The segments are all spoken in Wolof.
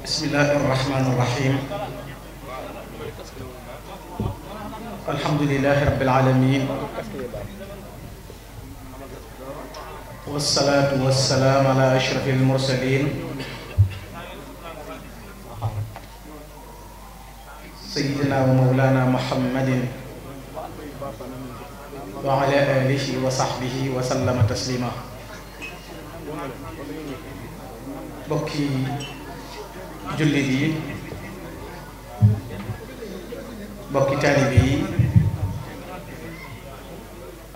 bismillahi irrahmani irrahim alhamdulilahi rabbil alamin wasalaatu wasalaam ala ashraf almursalin sayidina wa mawlana muhammadin wa ala alihi wa sahbihi wa sallama taslima bokki jullit yi bokki taalibe yi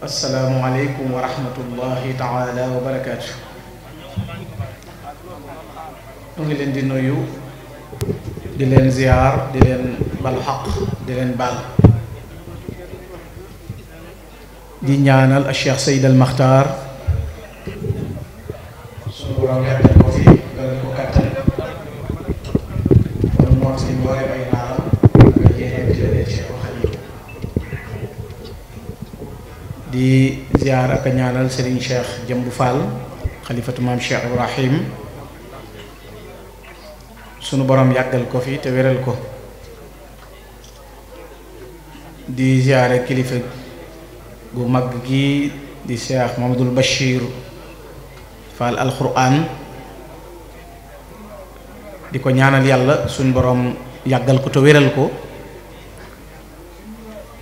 asalaamualeykum wa rahmatullahi taala wa barakaatu leen di nuyu di leen ziyaar di leen bal xaq di leen baal di ñaanal Cheikh Seyd al di ziar ak a ñaanal Serigne Cheikh Jëmb Fall xalifatu maam Cheikh Ibrahim sunu borom yàggal ko fi te wéral ko di ziare kilifa gu mag gi di Cheikh Mamadul Bachir Fall al Quran di ko ñaanal yàlla suñ borom yàggal ko te wéral ko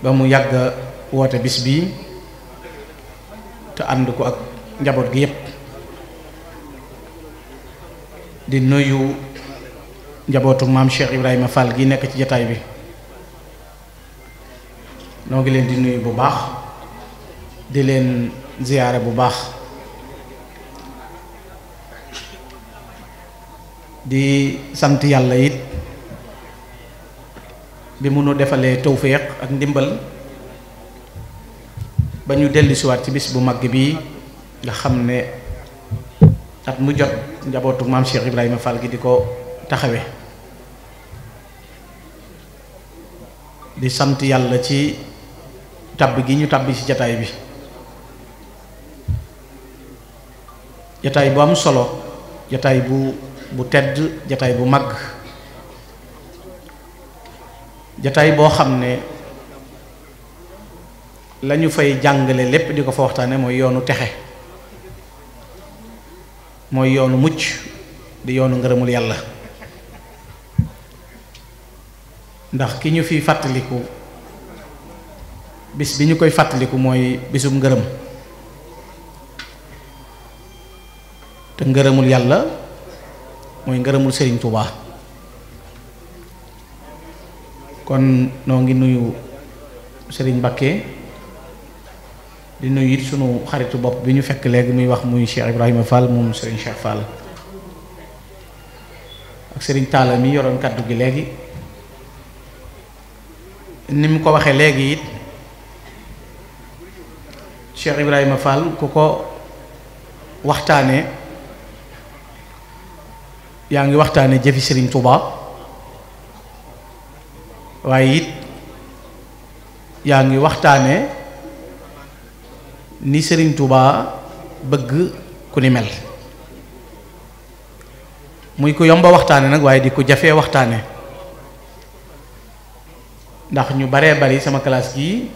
ba mu yàgg woote bis bii te ànd ko ak njaboot gi yépp di nuyu njabootu maam Cheikh Ibrahima Fall gi nekk ci jataay bi noo ngi leen di nuyu bu baax di leen ziyaare bu baax di sant yàlla it bi mu nu defalee tawféex ak ndimbal ba ñu dellusiwaat ci bis bu mag bii nga xam ne at mu jot njabootu maam Cheikh Ibrahima Fall gi di ko taxawe di sant yàlla ci tàbb gi ñu tàbbi ci jataay bi jataay bu am solo jataay bu bu tedd jataay bu mag jataay boo xam ne lañu fay jàngale lépp di ko fa waxtaane mooy yoonu texe mooy yoonu mucc di yoonu ngërëmul yàlla ndax ki ñu fi fàttaliku bis bi ñu koy fàttaliku mooy bisum ngërëm te ngërëmul yàlla mooy ngërëmul Sëriñ Tuubaa kon noo ngi nuyu sëriñ Mbakke di nuyu it sunu xaritu bopp bi ñu fekk léegi muy wax muy Cheikh Ibrahima Fall moom Serigne Cheikh Fall ak Serigne Talla mi yoroon kaddu gi léegi ni mu ko waxee léegi it Cheikh Ibrahima Fall ku ko waxtaanee yaa ngi waxtaanee jëfi Serigne Touba. waaye it yaa ngi waxtaane ni sëriñ Touba bëgg ku ni mel muy ko yomba waxtaane nag waaye di ko jafee waxtaane ndax ñu baree bari sama classe yi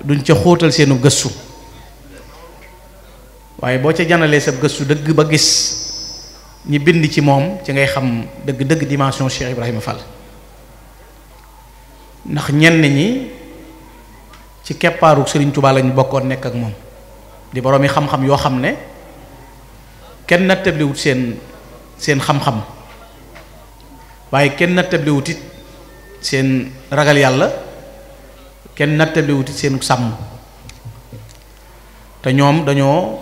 duñ ca xóotal seenu gëstu waaye boo ca janalee sa gëstu dëgg ba gis ñi bind ci moom ci ngay xam dëgg-dëgg dimension Cheikh Ibrahima Fall ndax ñenn ñi ci keppaaru Serigne Touba lañ bokkoon nekk ak moom di boroomi xam-xam yoo xam ne kenn na seen seen xam-xam waaye kenn na tabliwut it seen ragal yàlla kenn na tabliwut it seen sàmm te ñoom dañoo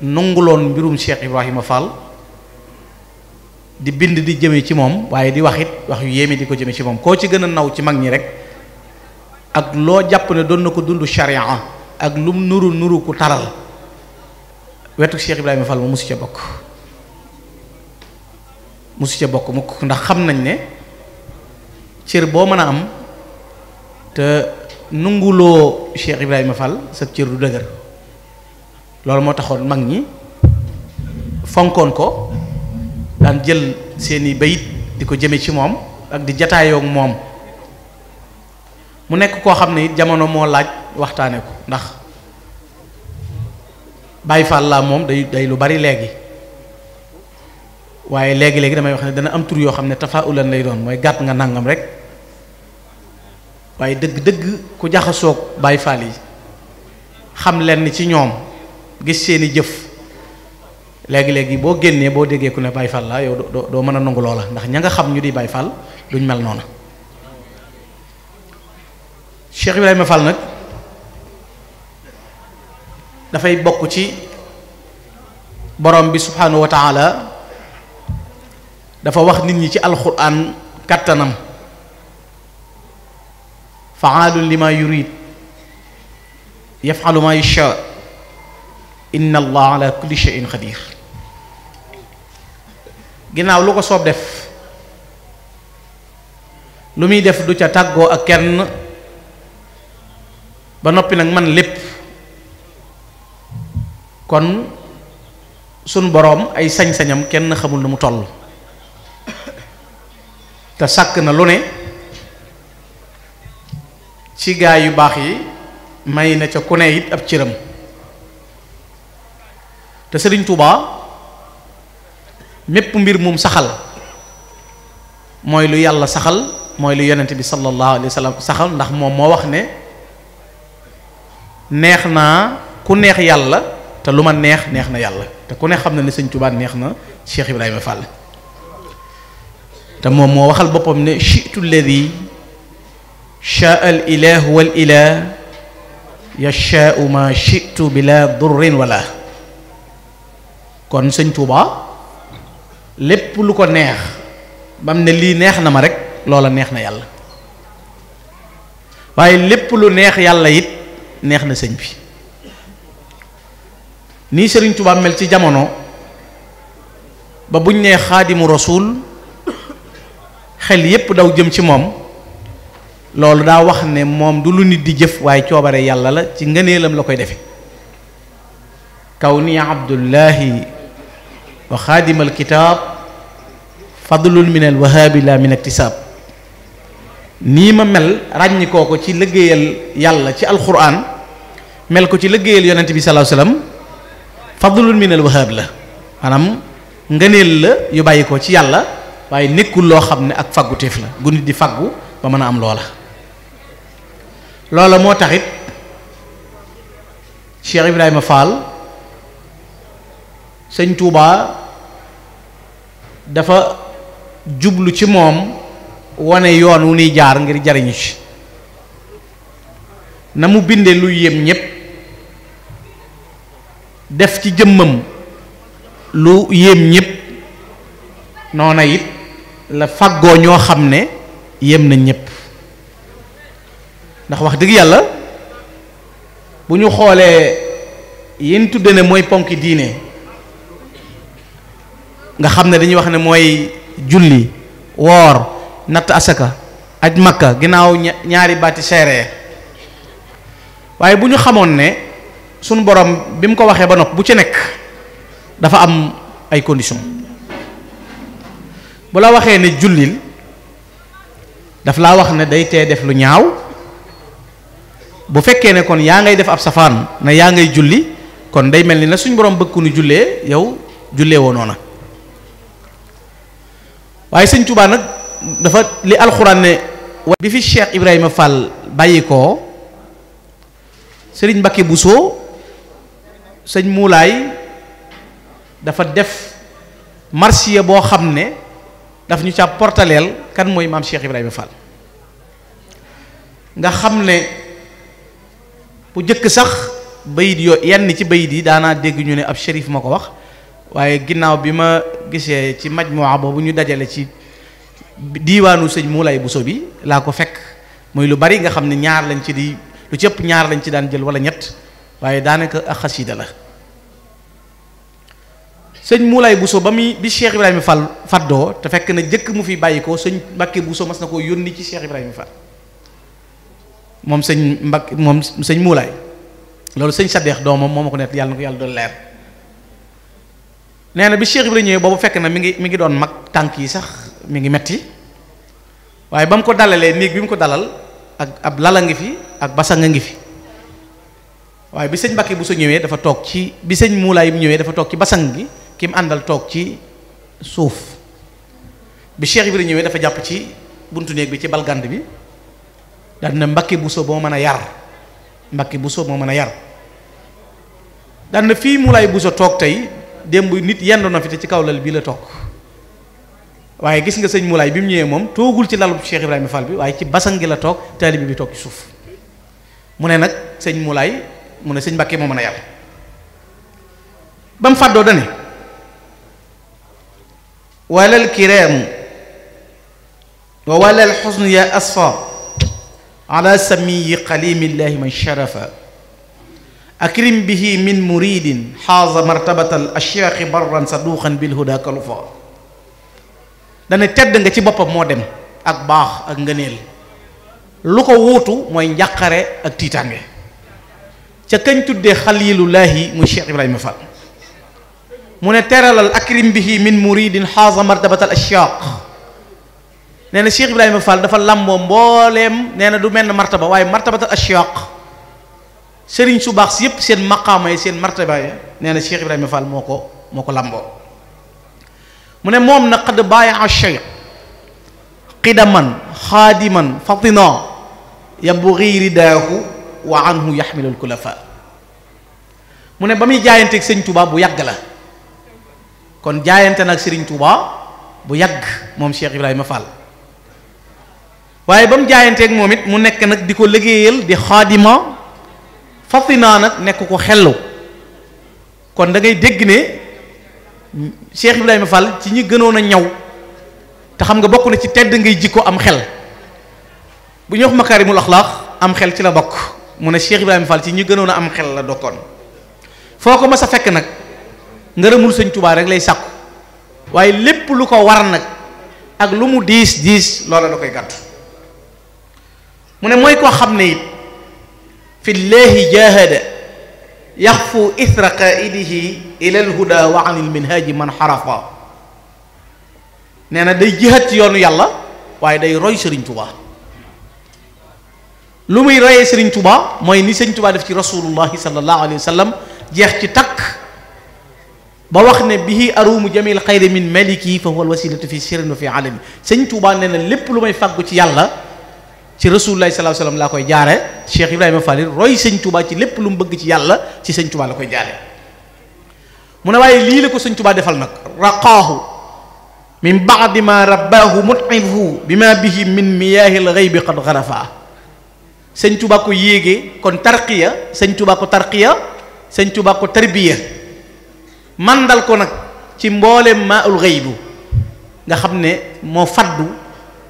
nanguloon mbirum Cheikh Ibrahima Fall. di bind di jëme ci moom waaye di wax it wax yu yéeme di ko jëme ci moom koo ci gën a naw ci mag ñi rek ak loo jàpp ne doon na ko dund charia ak lum nuru nuru ku taral wetu Cheikh Ibrahima Fall ma mosu ca bokk mosu ca mukk ndax xam nañ ne cër boo mën a am te nunguloo Cheikh Ibrahima Fall sa cër du dëgër loolu moo taxoon mag ñi fonkoon ko daan jël seeni bayit di ko jëme ci moom ak di jataayook moom mu nekk koo xam ne it jamono moo laaj waxtaane ko ndax Baay Faal laa moom day day lu bari léegi waaye léegi-léegi damay wax ne dana am tur yoo xam ne tafaulan lay doon mooy gàtt nga nangam rek waaye dëgg-dëgg ku jaxasoog Baay Faal yi xam leen ci ñoom gis seeni jëf léegi-léegi boo génnee boo déggee ku ne Baay Faal la yow doo mën a nangu loola ndax ña nga xam ñu di Baay Faal duñ mel noona Cheikh Ibrahima Fall nag dafay bokk ci borom bi subhanahu wa taala dafa wax nit ñi ci alquran kattanam faalun lima yurid yafalu ma yasha inna allah ala kulli shay'in qadir ginnaaw lu ko soob def lu muy def du ca tàggoo ak kenn ba noppi nag man lépp kon sun boroom ay sañ-sañam kenn xamul nu mu toll te sàkk na lu ne ci gaa yu baax yi may na ca ku ne it ab cëram te Sëriñ Tuubaa mépp mbir moom saxal mooy lu yàlla saxal mooy lu yonent bi sallallahu alayhi wa sallam saxal ndax moom moo wax ne neex naa ku neex yàlla te lu ma neex neex na yàlla te ku ne xam na ne sëñ Tuubaa neex na Cheikh Ibrahima Fall te moom moo waxal boppam ne chitu lladi shaa al ilahu wal ilah yashaau ma chitu bila durrin wala kon sëñ Tuubaa lépp lu ko neex bam ne lii neex na ma rek loola neex na yàlla waaye lépp lu neex yàlla it neex na sëñ bi nii Sëriñ Tuubaa mel ci jamono ba buñ nee xaadimu rasuul xel yépp daw jëm ci moom loolu daa wax ne moom du lu nit di jëf waaye coobare yàlla la ci ngëneelam la koy defe kaw ni abdullahi wa xaadimal kitaab fadlun min al wahaabi min iktisaab nii ma mel ràññikoo ko ci liggéeyal yàlla ci alquran mel ko ci liggéeyal yonent bi sallallahu alayhi wasallam fadlun min al wahaab la maanaam ngëneel la yu bàyyi ko ci yàlla waaye nekkul loo xam ne ak fagguteef la gu nit di faggu ba mën a am loola loola moo taxit Cheikh Ibrahima Fall sëñ Touba dafa jublu ci moom wane yoon wu nuy jaar ngir jariñu ci na mu binde lu yem ñépp def ci jëmmam lu yem ñépp noona it la faggoo ñoo xam ne yem na ñépp ndax wax dëgg yàlla bu ñu xoolee yéen tudde ne mooy ponki diine nga xam ne dañuy wax ne mooy julli woor natt asaka aj makka ginnaaw ñaari baati seere waaye bu ñu xamoon ne sunu borom bi mu ko waxee ba nopp bu ci nekk dafa am ay condition bu la waxee ne jullil daf laa wax ne day tee def lu ñaaw bu fekkee ne kon yaa ngay def ab safaan ne yaa ngay julli kon day mel ni na suñ borom bëgg ku jullee yow jullee woo waaye sëñ Tuubaa nag dafa li alxuraan ne bi fi Cheikh Ibrahima Fall bàyyi ko sëriñ bu Bousso sëñ muulaay dafa def marsiya boo xam ne daf ñu ca portaleel kan mooy maam Cheikh Ibrahima Fall nga xam ne bu jëkk sax bayit yo yenn ci bayit yi daanaa dégg ñu ne ab shérif ma ko wax waaye ginnaaw bi ma gisee ci majmuwa boobu ñu dajale ci diwaanu sëñ muulaay buso bi laa ko fekk mooy lu bari nga xam ne ñaar lañ ci di lu cëpp ñaar lañ ci daan jël wala ñett waaye daanaka ak xasida la sëñ muulaay buso ba muy bi Cheikh mu fal faddoo te fekk na jëkk mu fi bàyyi ko sëñ Mbakke Bousso mas na koo yónni ci Cheikh mu fal moom sëñ mbakk moom sëñ Moulay loolu sëñ Sadeex doomam moo ma ko nett yàlla na ko yàlla doon leer nee na bi Cheikh Ibrahima ñëwee boobu fekk na mi ngi mi ngi doon mag tànk yi sax mi ngi metti waaye ba mu ko dalalee néeg bi mu ko dalal ak ab lala ngi fi ak a ngi fi waaye bi sëñ Mbàkke bu sa ñëwee dafa toog ci bi sëñ Muulaay bu ñëwee dafa toog ci basang gi ki mu àndal toog ci suuf bi Cheikh Ibrahima ñëwee dafa jàpp ci buntu néeg bi ci balgand bi daal na Mbàkke bu soo boo mën a yar Mbàkke bu soo moo mën a yar daal na fii Muulaay bu sa toog tey démb nit yendu na fi te ci kaw lal bii la toog waaye gis nga sëñ mulaay bi mu ñëwee moom toogul ci lalu Cheikh Ibrahima Fall bi waaye ci basan gi la toog taalibe bi toog ci suuf mu ne nag sëñ Moulay mu ne sëñ Mbàkke moo mën a yàlla ba mu fàddoo dane walal kiraamu wa walal xusnu ya asfa ala samiyi xalimillahi man sharafa akrim bihi min muridin xaaza martabatal ashyaaxi barran saduuxan bil huda kalufa dana tedd nga ci boppam moo dem ak baax ak ngëneel lu ko wuutu mooy njàqare ak tiitaange ca kañ tuddee xalilullaahi muy Cheikh Ibrahima Fall mu ne teralal akrim bihi min muridin xaaza martabatal ashyaaq nee na Cheikh Ibrahima dafa làmboo mbooleem nee na du mel ne martaba waaye martabatal ashyaq sëriñ su baax si yépp seen maqaama yi seen martaba ya nee na Cheikh Ibrahima Fall moo ko moo ko lamboo mu ne moom na xadd bàyyi a cheikh qidaman xaadiman fatina yabghi ridaahu wa anhu ne ba muy jaayanteeg sëñ Touba bu yàgg la kon jaayante nag sëriñ bu yàgg moom Cheikh Ibrahima Fall waaye ba mu jaayanteeg moom it mu nekk nag di ko liggéeyal di xaadima fatinaa nag nekk ko xellu kon dangay ngay dégg ne Cheikh Ibrahima Fall ci ñi gënoon a ñaw te xam nga bokk na ci tedd ngay jikko am xel bu ñuy wax makaarimul axlaaq am xel ci la bokk mu ne Cheikh Ibrahima fal ci ñi gënoon a am xel la dokkoon foo ko ma sa fekk nag ngërëmul sëñ Tuubaa rek lay sàkku waaye lépp lu ko war nag ak lu mu diis diis loola da koy gàtt mu ne mooy koo xam ne it fi llaahi jahada yaxfu ithra qaaidihi ila alhuda wa an ilminhaaji man xarafa nee na day jihaat ci yoonu yàlla waaye day roy sëriñ tubaa lu muy royee sëriñ tubaa mooy ni sëriñ tubaa def ci rasulullahi sallallahu alayhi wa sallam jeex ci takk ba wax ne bihi aruumu jamil xayri min maliki fa huwa alwasilatu fi sirrin wa fi alami sëriñ tubaa nee na lépp lu may fàggu ci yàlla ci rasulullah sallallahu alayhi wasallam laa koy jaare Cheikh Ibrahima Fall roy sëñ Touba ci lépp lu mu bëgg ci yàlla ci sëñ Touba la koy jaare mu ne waaye lii la ko sëñ Touba defal nag raqaahu min ba'di ma rabbaahu mut'ifuhu bima bihi min miyaahil ghaybi qad gharafa sëñ ko yéege kon tarqiya sëñ Touba ko tarqiya sëñ Touba ko tarbiya mandal ko nag ci mboolem maa ul ghaybu nga xam ne moo faddu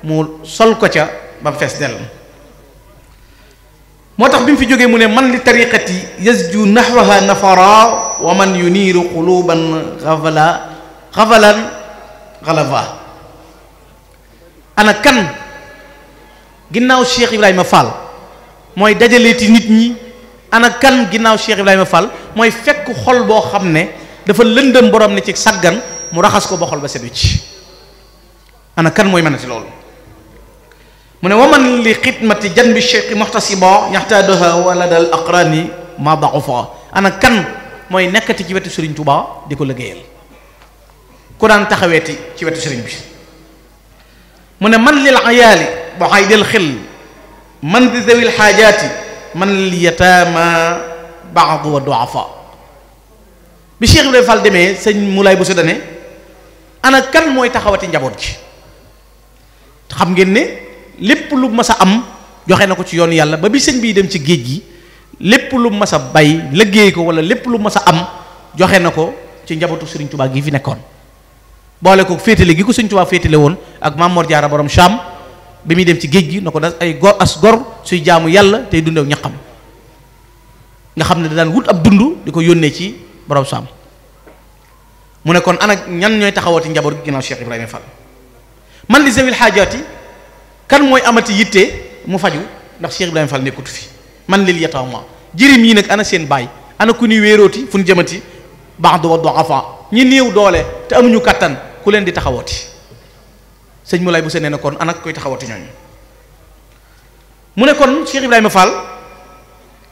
mu sol ko ca ba mu fees dell moo tax bi mu fi jógee mu ne man li tariqati yasju nahwaha nafara wa man yuniiru quluban xafala xafalan xalafa ana kan ginnaaw Cheikh Ibrahima Fall mooy dajaleeti nit ñi ana kan ginnaaw Cheikh Ibrahima Fall mooy fekk xol boo xam ne dafa lëndëm borom ne ci sàggan mu raxas ko ba xol ba set wicc mooy mën mooy mënati loolu mu ne waman li xidmati janbi cheikh muhtasiba yaxtaaduha waladal aqrani ma daxufa ana kan mooy nekkati ci wetu sëriñ Tuubaa di ko liggéeyal ku daan taxaweeti ci wetu sëriñ bi mu ne man lil ayaali boo xay del xil man di dawil xaajaati man lil yataama baadu wa duafa bi Cheikh Ibrahima Fall demee sëñ Moulay Bousso dane ana kan mooy taxawati njaboot gi xam ngeen lépp lu mas a am joxe na ko ci yoon yàlla ba bi sëñ bii dem ci géej gi lépp lu mas a bay liggéey ko wala lépp lu mas a am joxe na ko ci njabootu sëriñ Tuubaa gi fi nekkoon boole ko féetale gi ko sëriñ Tuubaa féetale woon ak Maam Mor Jaara borom Cham bi muy dem ci géej gi na ko das ay gor as gor suy jaamu yàlla tey dundew ñaqam nga xam ne da daan wut ab dund di ko yónnee ci borom Cham mu nekkoon kon ana ñan ñooy taxawati njaboot gi ginnaaw Cheikh Ibrahima Fall kan mooy amati yitte mu faju ndax Cheikh Ibrahima Fall nekkutu fi man lil yatama jirim yi nag ana seen baay ana ku ni wéerooti fu ñu jëmati baax du wa du'afa ñi néew doole te amuñu kàttan ku leen di taxawati sëñ Moulay bu seenee ne kon ana koy taxawooti ñooñu mu ne kon Cheikh Ibrahima Fall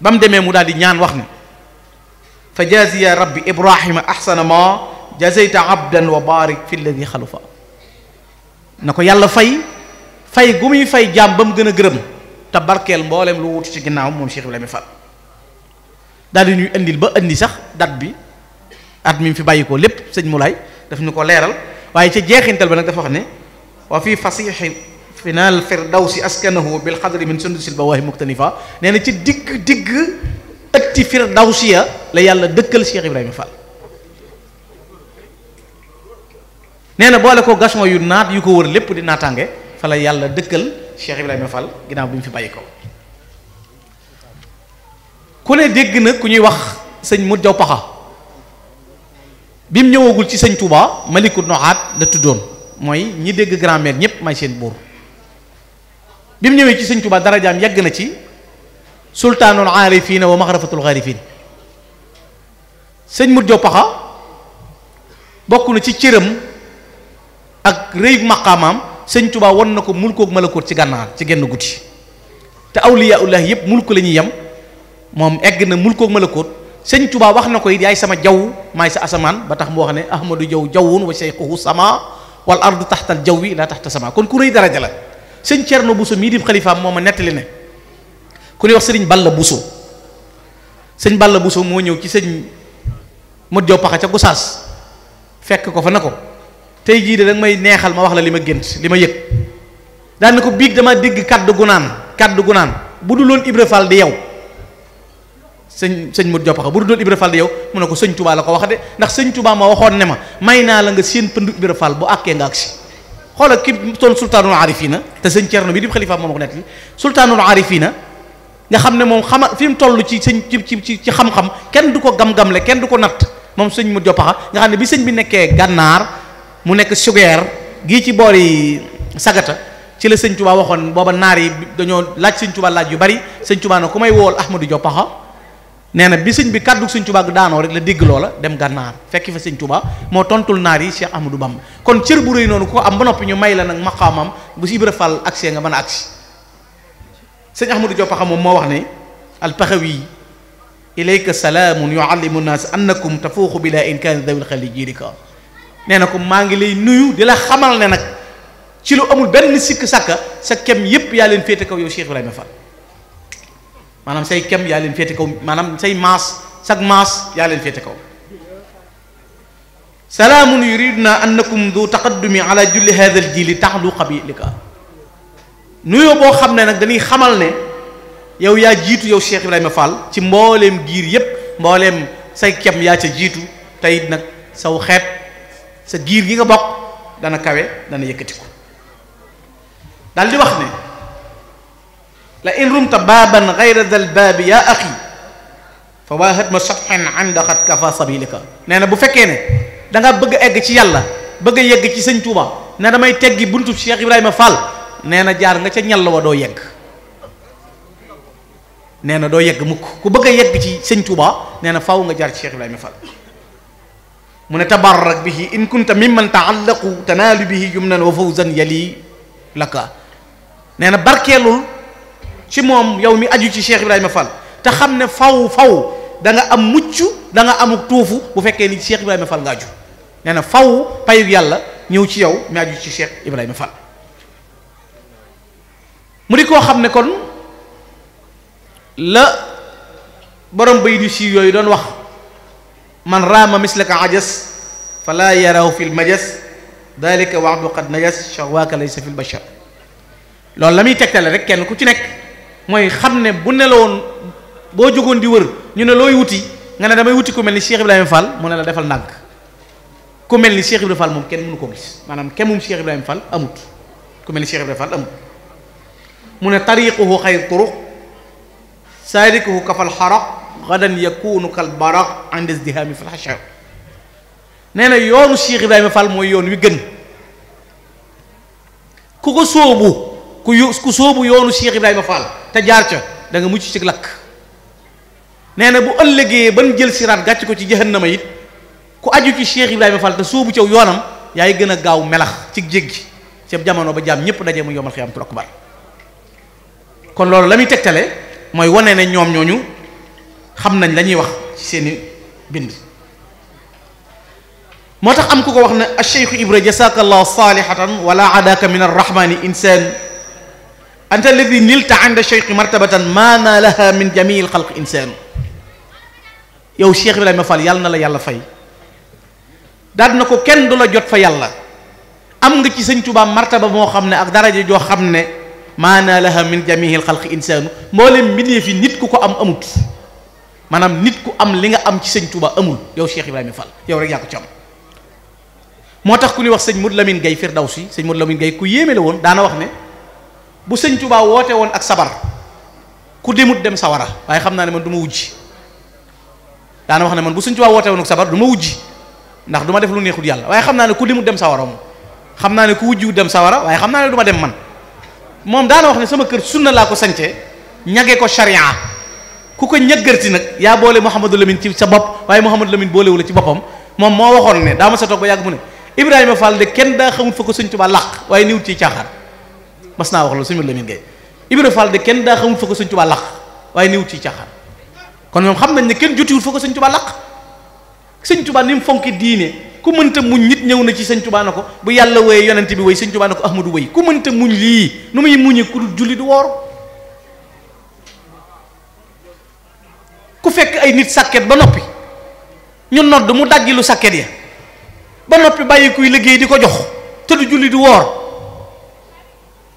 ba mu demee mu daal di ñaan wax ni fa jaziya rabbi ibrahima ahsana ma jazayta abdan wa barik fi lladi xalufa na ko yàlla fay fay gu muy fay jaam ba mu gën a gërëm te barkeel mbooleem lu wutu ci ginnaaw moom Cheikh Ibrahima Fall daal di ñuy indil ba indi sax date bi at mi fi bàyyi ko lépp sëñ Moulay daf ñu ko leeral waaye ca jeexintal bi nag dafa wax ne wa fi fasixi final firdawsi askanahu bil xadri min sundusil bawaahi muktanifa nee na ci digg digg ëtti firdawsiya la yàlla dëkkal Cheikh Ibrahima Fall nee na boole ko gason yu naat yu ko wër lépp di naataange fa yàlla dëkkal Cheikh Ibrahima Fall ginnaaw bi mu fi bàyyi ko ku ne dégg na ku ñuy wax sëñ Modou Diaw Paxa bi mu ñëwagul ci sëñ Touba Maliku Noxaat la tuddoon mooy ñi dégg grand-mère ñëpp may seen buur bi ñëwee ci sëñ Touba darajaam yàgg na ci sultaanul aarifiina wa maxrafatul xaarifiin sëñ Modou Diaw Paxa bokk na ci cëram ak rëyu maqaamaam sëñ tubaa won na ko mulkook malakoot ci gànnaar ci genn guddi te awliyaullah yëpp mulku la ñuy yem moom egg na mulkook malakoot sëñ tubaa wax na ko it yaay sama jaww maay sa asamaan ba tax mu wax ne ahmadu jaw jawwun wa sayquhu sama wal ardu taxtal jawwi la taxta sama kon ku rëy daraja la sëñ Cerno Buso mii di xalifaam moo ma nettali ne ku ñuy wax sëriñ Balla Buso sëñ Balla Buso moo ñëw ci sëñ Modou Diop Paxa ca Gosaas fekk ko fa ne ko tey jii de danga may neexal ma wax la li ma gént li ma yëg daan ko biig dama dégg kaddu gu naan kaddu gu bu du loon Ibra Fall di yow sëñ sëñ Modou Diop bu du loon Ibra Fall di yow mu ne ko sëñ Touba la ko wax de ndax sëñ Touba ma waxoon ne ma may naa la nga seen pëndu Ibra Fall bu àkkee nga ak si xoolal ki toon sultaanul aarifina te sëñ Thierno bi di xalifa moo ma ko nekk li sultaanul aarifina nga xam ne moom xama fi mu toll ci sëñ ci ci ci xam kenn du ko gam-gamle kenn du ko natt moom sëñ Modou Diop nga bi sëñ bi nekkee gànnaar mu nekk sugeer gii ci boor yi sagata ci la sëñ Tuba waxoon booba naar yi dañoo laaj sëñ Tuba laaj yu bari sëñ Tuba na ku may wool Ahmadou Diop Paxa nee na bi sëñ bi kàddu sëñ Tuba daanoo rek la dégg loola dem gànnaar fekk fa sëñ Tuba moo tontul naar yi Cheikh Ahmadou Bamba kon cër bu rëy noonu ko am ba noppi ñu may la nag maqaamam bu si Ibra Fall agsee nga mën a agsi sëñ Ahmadou Diop moom moo wax ne al Paxawi ilayka salaamun yuallimu naas annakum tafuuxu bila inkaani dawil xali jiirika nee na ko maa ngi lay nuyu di la xamal ne nag ci lu amul benn sikk sàkka sa kem yépp yaa leen féete kaw yow Cheikh Ibrahima Fall maanaam say kem yaa leen féete kaw maanaam say maas sag maas yaa leen féete kaw salaamun yuriduna annakum du taqaddumi ala julli hadha al jili taxlu qabilika nuyoo boo xam ne nag dañuy xamal ne yow yaa jiitu yow Cheikh Ibrahima Fall ci mbooleem giir yépp mbooleem say kem yaa ca jiitu tey nag saw xeet sa giir gi nga bokk dana kawe dana yëkkatiku dal di wax ne la in rumta baaban gayra dal baabi yaa axi fa waahat ma satxan andaxat kafa sabilika nee na bu fekkee ne danga bëgg egg ci yàlla bëgg a yegg ci sëñ Tuuba ne damay teggi buntu Cheikh Ibrahima Fall nee na jaar nga ca ñal wa doo yegg nee na doo yegg mukk ku bëgg a yegg ci sëñ Tuuba nee na faw nga jaar ci Cheikh Ibrahima Fall mu ne tabarrak bihi in kunta mimman taallaqu tanaalu na yumnan wa fawzan yali laka nee na barkeelul ci moom yow mi aju ci Cheikh Ibrahima Fall te xam ne faw faw danga am mucc danga nga amuk tuufu bu fekkee ni Cheikh Ibrahima Fall nga aju nee na faw payug yàlla ñëw ci yow mi aju ci Cheikh Ibrahima fal mu di koo xam ne kon la borom bay di si yooyu doon wax man raama mislaka ajas fala yaraw fi lmajas dalika waxdu qad najas charwaaka laysa fi lbashar loolu la muy tegtale rek kenn ku ci nekk mooy xam ne bu ne la woon boo jógoon di wër ñu ne looy wuti nga ne damay wuti ku mel ni Cheikh Ibrahima Fall mu ne la defal nag ku mel ni Cheikh Ibrahima Fall moom kenn mënu ko gis maanaam kenn moom Cheikh Ibrahima Fall amut ku mel ni Cheikh Ibrahima Fall amut mu ne tariquhu xayr turuq saadikuhu kafal xaraq gadan yakunu kal bara ànd isdihaami fil xashaw nee na yoonu Cheikh Ibrahima Fall mooy yoon wi gën ku ko sóobu ku yu ku sóobu yoonu Cheikh Ibrahima te jaar ca danga mucc ci lakk nee na bu ëllëgee ban jël siraat gàcc ko ci jahannama it ku aju ci Cheikh Ibrahima Fall te sóobu caw yoonam yaay gën a gaaw melax ci jéggi ci jamono ba jaam ñëpp dajee mu yomal xiyaamatul akbar kon loolu la muy tegtale mooy wane na ñoom ñooñu xam nañ lañuy wax ci seeni bind moo tax am ku ko wax ne acheikhu ibra jasakallah salihatan wala adaka min arrahmani insan anta alladi nilta inda cheikhi martabatan ma naalaha min jamii lxalq insaanu yow cheikh ibrahima fall yàlla na la yàlla fay daal na ko kenn du la jot fa yàlla am nga ci sëñ Tuubaa martaba moo xam ne ak daraja joo xam ne maanaa laha min jamihi l xalqi insaanu moo leen mbindee fi nit ku ko am amut maanaam nit ku am li nga am ci sëñ Touba amul yow Cheikh Ibrahima fal yow rek yaa ko ci am moo tax ku ñuy wax sëñ lamin gay Lamine Gueye Firdawsi sëñ Modou Lamine Gueye ku yéeme la woon daana wax ne bu sëñ Touba woote woon ak sabar ku demut dem sawara waaye xam naa ne man du ma wujji daana wax ne man bu sëñ Touba woote woon ak sabar du ma wujji ndax du ma def lu neexul yàlla waaye xam naa ne ku demut dem sawara xam naa ne ku wujjiwut dem sawara waaye xam naa ne du dem man moom daana wax ne sama kër sunna laa ko sancee ñage ko charia ku ko ñëggarti nag yaa boole Mouhamadou Lamine ci sa bopp waaye Mouhamadou Lamine boolewu la ci boppam moom moo waxoon ne daa ma sa toog ba yàgg mu ne Ibrahima Fall de kenn daa xamul fa ko Sëñ Tuubaa làq waaye niwut ci caaxaan mas naa wax loolu sëñ Lamine Gueye Ibrahima de kenn daa xamul fa Sëñ Tuubaa làq waaye niwut ci caaxaan kon ñoom xam nañ ne kenn jotiwul fa ko Sëñ Tuubaa làq Sëñ Tuubaa ni mu fonki diine ku mënta muñ nit ñëw na ci sëñ Tuubaa na ko bu yàlla wooyee yonent bi woy sëñ Tuubaa na ko ahmadu woy ku mënta muñ lii nu muy muñee ku dul julli du woor ku fekk ay nit sàkket ba noppi ñu nodd mu dajji lu sàkket ya ba noppi bàyyi kuy liggéey di ko jox te du julli du woor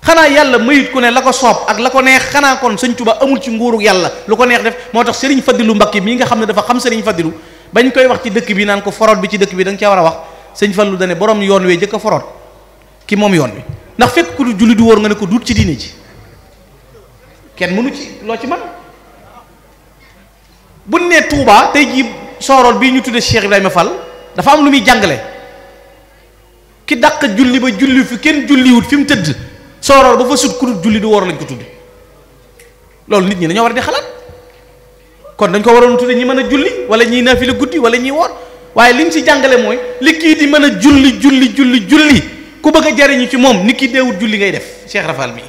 xanaa yàlla mayit ku ne la ko soob ak la ko neex xanaa kon sëñ Tuba amul ci nguurug yàlla lu ko neex def moo tax sëriñ Fadilu Mbàkke mii nga xam ne dafa xam sëriñ Fadilu bañ koy wax ci dëkk bi naan ko forot bi ci dëkk bi danga nga war a wax sëñ Fallu dane borom yoon wee jëkk a forot ki moom yoon wi ndax fekk ku du julli du wóor nga ne ko duut ci diine kenn mënu ci loo ci man bu nee tuubaa tey jii sooroon bii ñu tudde Cheikh Ibrahima Fall dafa am lu muy jàngale ki daq julli ba julli fi kenn julliwut fi mu tëdd sooroon ba fa sut ku julli du woor lañ ko tudd loolu nit ñi dañoo war di xalaat kon dañ ko waroon tudde ñi mën a julli wala ñiy naafila guddi wala ñiy woor waaye li mu si jàngale mooy li kii di mën a julli julli julli julli ku bëgg a jariñu ci moom nit ki deewut julli ngay def Cheikh Rafal mi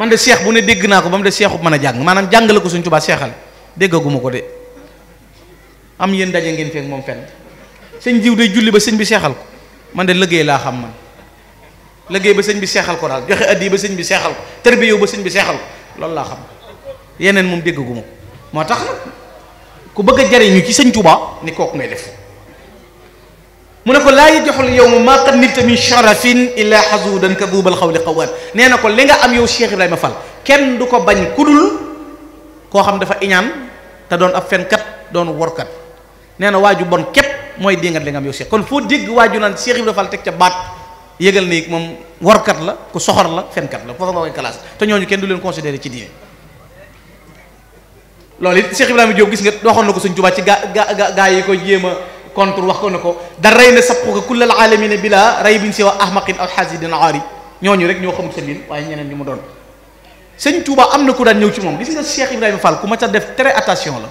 man de seex bu ne dégg naa ko ba mu de seexub mën a jàng maanaam jàngale ko suñ tubaa seexal déggaguma ko de am yéen daje ngeen feek moom fenn sëñ jiw day julli ba sëñ bi seexal ko man de liggéey laa xam man liggéey ba sëñ bi seexal ko daal joxe addi ba sëñ bi seexal ko tërbiyew ba sëñ bi seexal ko loolu laa xam yeneen moom déggaguma ko moo tax ku bëgg a jariñu ci sëñ tubaa ni kooku ngay def mu ne ko laa yajoxul yow ma maa qadimta min sharafin illaa xasuudan xaw duubal xaw qawaan nee na ko li nga am yow Cheikh Ibrahima fal kenn du ko bañ ku kudul koo xam dafa iñaan te doon ab fenkat doon workat nee na waaju bon képp mooy dingat li nga am yow Cheikh kon foo dégg waaju naan Cheikh Ibrahima Fall teg ca baat yëgal na moom workat la ku soxor la fenkat la foofa nga koy classé te ñooñu kenn du leen considéré ci diine loolu it Cheikh Ibrahima Diop gis nga doxoon na ko Sëñ Tuubaa ci gaa ko jéem contre wax ko ne ko da rey na sabquka kullal alamina bilaa rey biñ si wa ahmaqin aw xaasidin aari ñooñu rek ñoo xamul sa diin waaye ñeneen ñi mu doon sëñ Touba am na ku daan ñëw ci moom gis nga Cheikh Ibrahima Fall ku ma ca def très attention la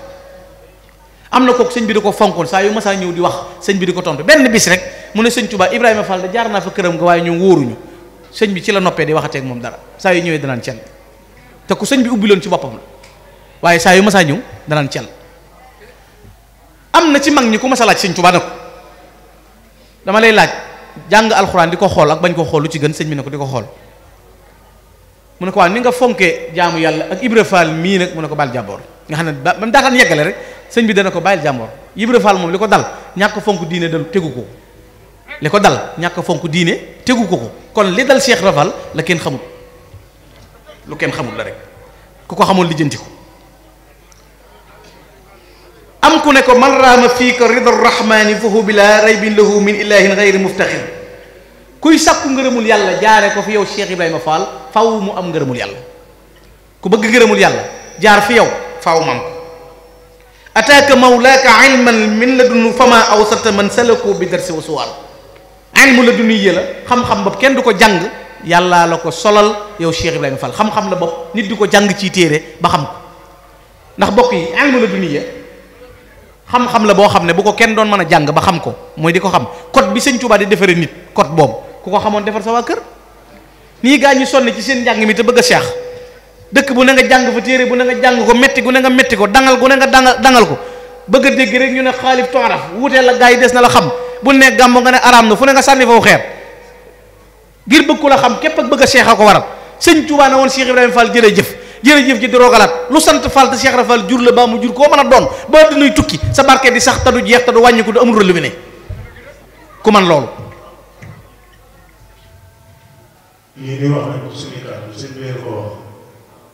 am na kooku sëñ bi da ko fonkoon saa yu saa ñëw di wax sëñ bi di ko tontu benn bis rek mu ne sëñ Ibrahima Fall da jaar naa fa këram nga waaye ñoom wóoruñu sëñ bi ci la noppee di waxateeg moom dara saa yu ñëwee danaan cel te ku sëñ bi ubbiloon ci boppam la waaye saa yu masaa ñëw danaan cel am na ci mag ñi ku mas a laaj sëñ Tuubaa ne ko dama lay laaj jàng alxuraan di ko xool ak bañ ko xool lu ci gën sëñ bi ne ko di ko xool mu ne ko waaw ni nga fonkee jaamu yàlla ak Ibra Faal mii nag mu ne ko baal jàmboor nga xam ne ba ba mu daataan yeggale rek sëñ bi dana ko bàyyil jàmboor Ibra Faal moom li ko dal ñàkk ko fonk diine dal tegu ko li ko dal ñàkk fonk diine tegu ko ko kon li dal Cheikh Rafal la kenn xamul lu kenn xamul la rek ku ko xamul lijjanti am ku ne ko man raama fii ka rida rahmani fahu bi laa raybin lahu min ilahin gayri muftaxir kuy sàkku ngërëmul yàlla jaare ko fi yow Cheikh Ibrahima Fall faw mu am ngërëmul yàlla ku bëgg ngërëmul yàlla jaar fi yow faw mu am ko ataaka mawlaaka ilman min ladun fama awsata man salaku bi darsi wa suwar ilmu la duni yë la xam-xam bopp kenn du ko jàng yàllaa la ko solal yow Cheikh Ibrahima Fall xam-xam la bopp nit di ko jàng ci téere ba xam ko ndax bokk yi xam-xam la boo xam ne bu ko kenn doon mën a jàng ba xam ko mooy di ko xam code bi sëñ Tuubaa di defaree nit code boobu ku ko xamoon defar sa waa kër nii gaa ñu sonn ci seen njàng mi te bëgg a seex dëkk bu ne nga jàng fa téere bu ne nga jàng ko metti ne nga metti ko dangal gu nga dangal dangal ko bëgg a dégg rek ñu ne xaalif toxaraf wuutee la gaa yi des na la xam bu ne gàmmu nga ne araam na fu ne nga sànni faw xeer ngir bëgg ku la xam képp ak bëgg a seex a ko waral sëñ Tuubaa na woon Cheikh Ibrahima Fall jërëjëf jërëjëf ji di rogalaat lu sant Fall te Cheikh Rafal jur la baa mu jur koo mën a doon ba dinay tukki sa barke di sax te du jeex te du wàññi ko du amul relevé ku man loolu. lii di wax nag suñu kàddu suñ biir ko wax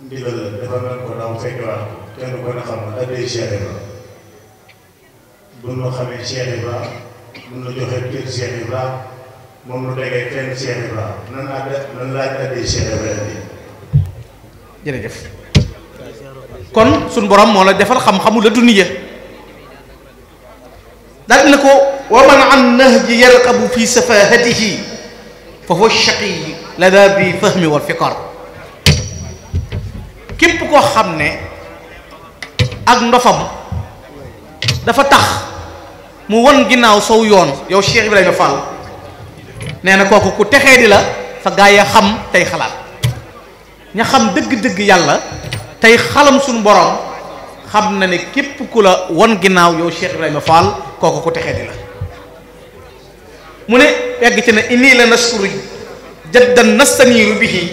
ndigal la ko daaw fekk wax kenn ko na xam ne addee Cheikh Ibra bu ñu xamee Cheikh Ibra bu ñu joxee kër Cheikh Ibra moom lu tegee kenn Cheikh Ibra nan adda nan laaj addee Cheikh Ibra bi jërëjëf kon suñ borom moo la defal xam-xamu la duniya daal na ko wa man an nahji yarqabu fi safahatihi fa huwa shaqi lada bi fahmi wal fiqar képp koo xam ne ak ndofam dafa tax mu won ginnaaw soow yoon yow Cheikh Ibrahima Fall nee na kooku ku texee di la fa gaa yi xam tey xalaat ña xam dëgg-dëgg yàlla tey xalam suñu borom xam na ne képp ku la won ginnaaw yow Cheikh Ibrahima Fall kooku ku texee di la mu ne egg ci ne inni la nasru jaddan nastaniiru bihi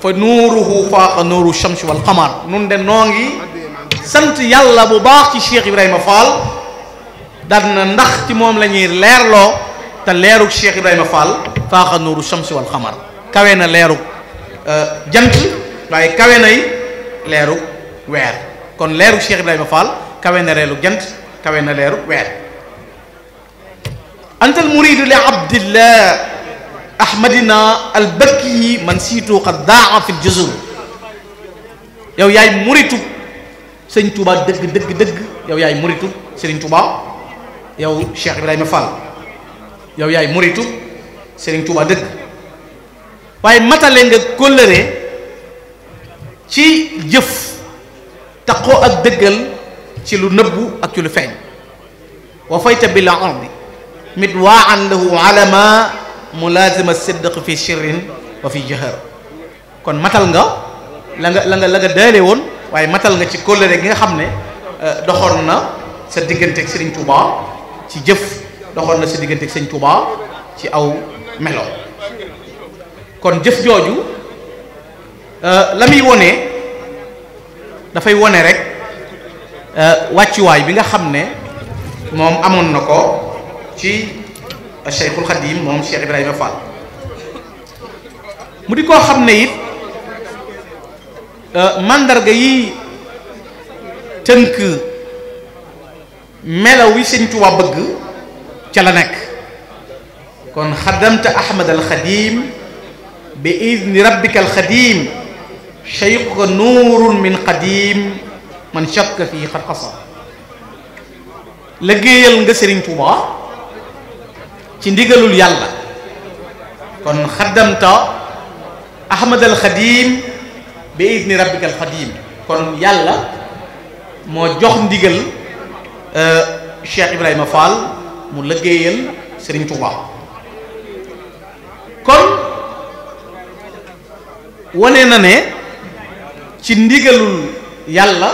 fa nuuruhu faaqa nuuru shams wal qamar nun de noo ngi sant yàlla bu baax ci Cheikh Ibrahima Fall daan na ndax ci moom lañuy leerloo te leerug Cheikh Ibrahima Fall faaqa nuuru shams wal qamar kawe na leerug Euh, jant waaye kawe nay leeru weer kon leeru Cheikh Ibrahima Fall kawe na leeru jant kawe na leeru weer antal muridu li abdillah ahmadina albakki man siitu qad daa fi ljusur yow yaay muritu sëñ Touba dëgg dëgg yow yaay muritu Serigne Touba yow Cheikh Ibrahima Fall yow yaay muritu Serigne Touba dëgg waaye matale nga kóllëre ci jëf taqoo ak dëggal ci lu nëbbu ak ci lu feeñ wa fayta bil ardi mit waa an lahu alama mulazima sidq fi sirrin wa kon matal nga la nga la nga la nga daale woon waaye matal nga ci kóllëre gi nga xam ne euh, doxoon na sa digganteeg Sëriñ Tuuba ci jëf doxoon na sa digganteeg Sëriñ Tuuba ci aw melo kon jëf jooju euh, la muy wone dafay wone rek euh, wàccuwaay bi nga xam ne moom amoon na ko ci Cheikhul Khadim moom Cheikh Ibrahima Fall mu di koo xam ne it euh, màndarga yi tënk melaw yi Sëñ Tuubaa bëgg ca la nekk kon xadamta Ahmad al bi idni rabbika alxadim cheyquka nuurun min qadim man shakka fii xat xasa liggéeyal nga sëriñ Tuuba ci ndigalul yàlla kon xaddamta ahmad alxadim bi idni alxadim kon yàlla moo jox ndigal euh, Cheikh Ibrahima Fall mu liggéeyal sëriñ Tuuba kon wane na ne ci ndigalul yàlla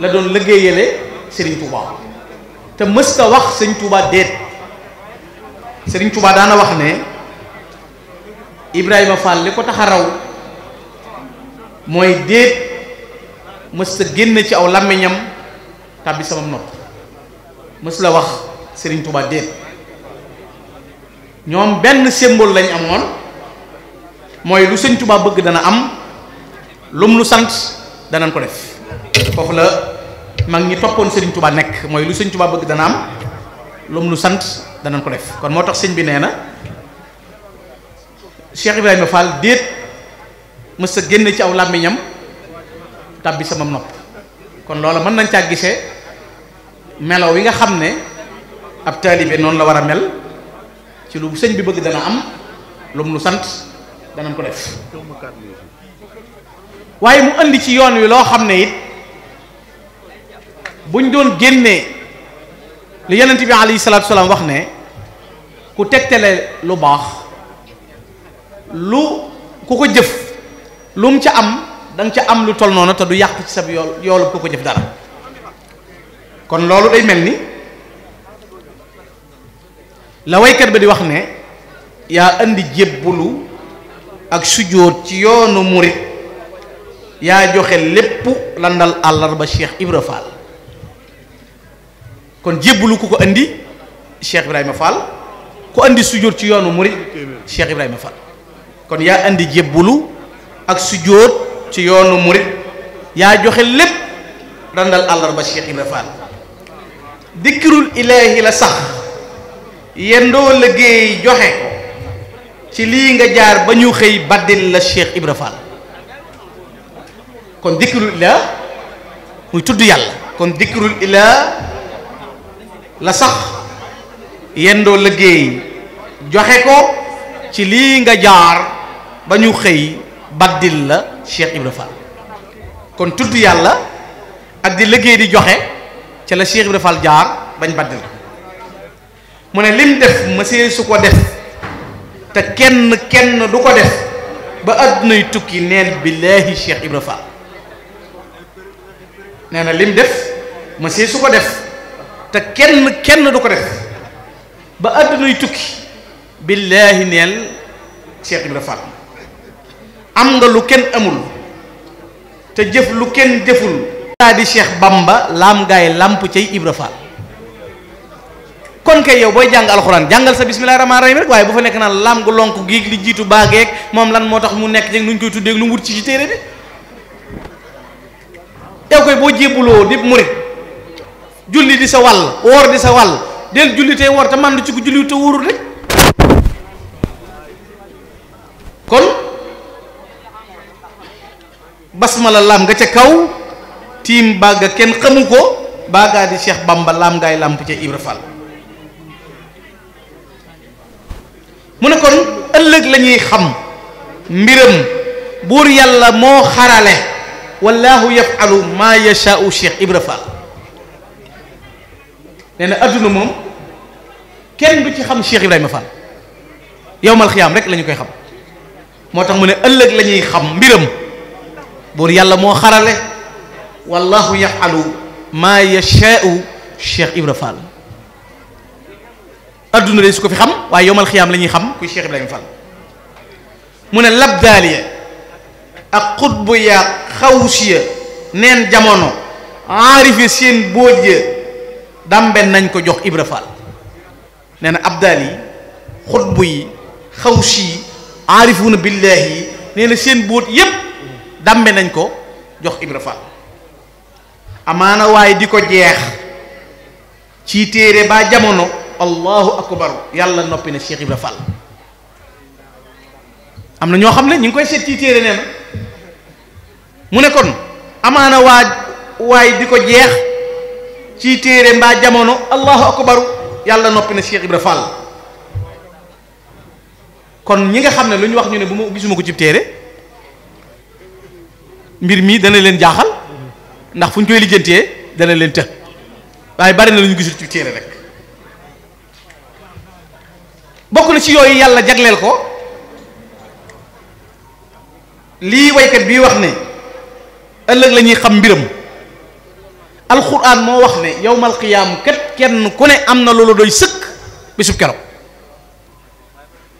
la doon liggéeyale Serigne Touba te mës ta wax sëñ Touba déet Serigne Touba daana wax ne Ibrahima Fall li ko tax a raw mooy déet mës ta génn ci aw làmmiñam tàbbi sama nopp mës la wax Serigne Touba déet ñoom benn symbole lañ amoon. mooy lu sëñ Tuubaa bëgg dana am lum lu sant danañ ko def foofu la mag ñi toppoon sëriñ Tuubaa nekk mooy lu sëñ Tuubaa bëgg dana am lum lu sant danañ ko def kon moo tax sëñ bi nee na Cheikh Ibrahima Fall déet mës a génn ci aw làmmiñam tàbbi sama nopp kon loola mën nañ caa gisee melow yi nga xam ne ab taalibe noonu la war a mel ci lu sëñ bi bëgg dana am lum lu sant danañ ko def waaye mu indi ci yoon wi loo xam ne it buñ doon génnee li yonent bi alayhi salaam wax ne ku teg tele lu baax lu ku ko jëf lu mu ca am danga ca am lu tol noonu te du yàq ci sa yool yoolu ku ko jëf dara kon loolu day mel ni la waykat ba di wax ne yaa indi jébbulu ak sujjóot ci yoonu murit yaa joxe lépp landal àllarba Cheikh Ibra Fall kon jébbalu ku ko indi Cheikh Ibrahima Fall ku andi ci yoonu murit Cheikh kon yaa indi jébbalu ak sujjóot ci yoonu murit yaa joxe lépp landal àllarba Cheikh Ibra Fall dikkirul ilaahi la sax yendoo liggéey joxe ci lii nga jaar ba ñu xëy baddil la Cheikh Ibra Fall kon dikrul ila muy tudd yàlla kon dikrul ila la sax yendoo liggéey joxe ko ci lii nga jaar ba ñu xëy baddil la Cheikh Ibra Fall kon tudd yàlla ak di liggéey di joxe ca la Cheikh Ibra Fall jaar bañ baddil mu ne lim def ma see ko def te kenn kenn du ko def ba àddunay tukki neen billaahi Cheikh Ibra Fall nee na lim def ma su ko def te kenn kenn du ko def ba àddunay tukki billaahi neel Cheikh Ibra Fall am nga lu kenn amul te jëf lu kenn jëful daa di Cheikh Bamba laam gaay làmp cay Ibra Fall kon kay yow booy jàng alxuraan jàngal sa bismillahi rahmaani rahim rek waaye bu fa nekk naan lam gu lonk giig li jiitu baageeg moom lan moo tax mu nekk ci nu ñu koy tuddee lu boo jébbuloo di murit julli di sa wàll woor di sa wàll del julli tey woor te màndu ci ku julli te wóorul rek kon basmala laam nga ca kaw tiim bàgga kenn xamu ko baagaa di Cheikh Bamba laam ngaay làmp ca Ibra Fall mu ne kon ëllëg la ñuy xam mbiram buur yàlla moo xarale wallahu yafalu maa yashaau Cheikh Ibra Fall nee na adduna moom kenn du ci xam Cheikh Ibrahima Fall yowmal xiyaam rek lañu koy xam moo tax mu ne ëllëg lañuy xam mbiram buur yàlla moo xarale wallahu yafalu maa yashaau Cheikh Ibra Fall adduna de su ko fi xam waaye yomal xiyaam la ñuy xam kuy Cheikh Ibrahima Fall mu ne labdaaliya ak xutbu yaa xawsiya neen jamono enrife seen nañ ko jox Ibra Fall na abdaal yi xutbu yi xawsi yi enrifuuna billaahi yi nee na seen bóot yépp dàmbe nañ ko jox Ibra Fall amaana waaye di ko jeex ci téere ba jamono allahu akbar yàlla noppi na Cheikh Ibra Fall am na ñoo xam ne ñu ngi koy seet ci téere nee mu ne kon amaana waa waay di ko jeex ci téere mbaa jamono allahu akbaru yàlla noppi na Cheikh Ibra Fall kon ñi nga xam ne lu ñu wax ñu ne bu ma gisuma ko ci téere mbir mii dana leen jaaxal ndax fu ñu koy lijjantee dana leen të waaye bari na lu ñu gisul ci téere rek bokk na ci yooyu yàlla jagleel ko lii waykat bii wax ne ëllëg la ñuy xam mbiram alxuraan moo wax ne yowmal qiyaam kat kenn ku ne am na loolu doy sëkk bisub keroog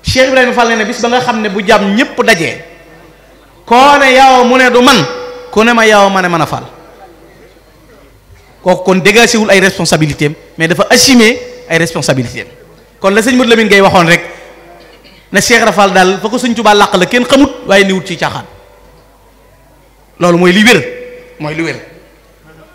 Cheikh Ibrahima Fall ne ne bis ba nga xam ne bu jàmm ñépp dajee koo ne yaw mu ne du man ku ne ma yaw ma ne mën a Fall kooku kon dégagé ay responsabilités mais dafa assumer ay responsabilités kon la sëñ Modou Lamine ngay waxoon rek na Cheikh Rafal daal fa ko sëñ Tuubaa làq la kenn xamut waaye niwut ci caaxaan loolu mooy li mooy li wér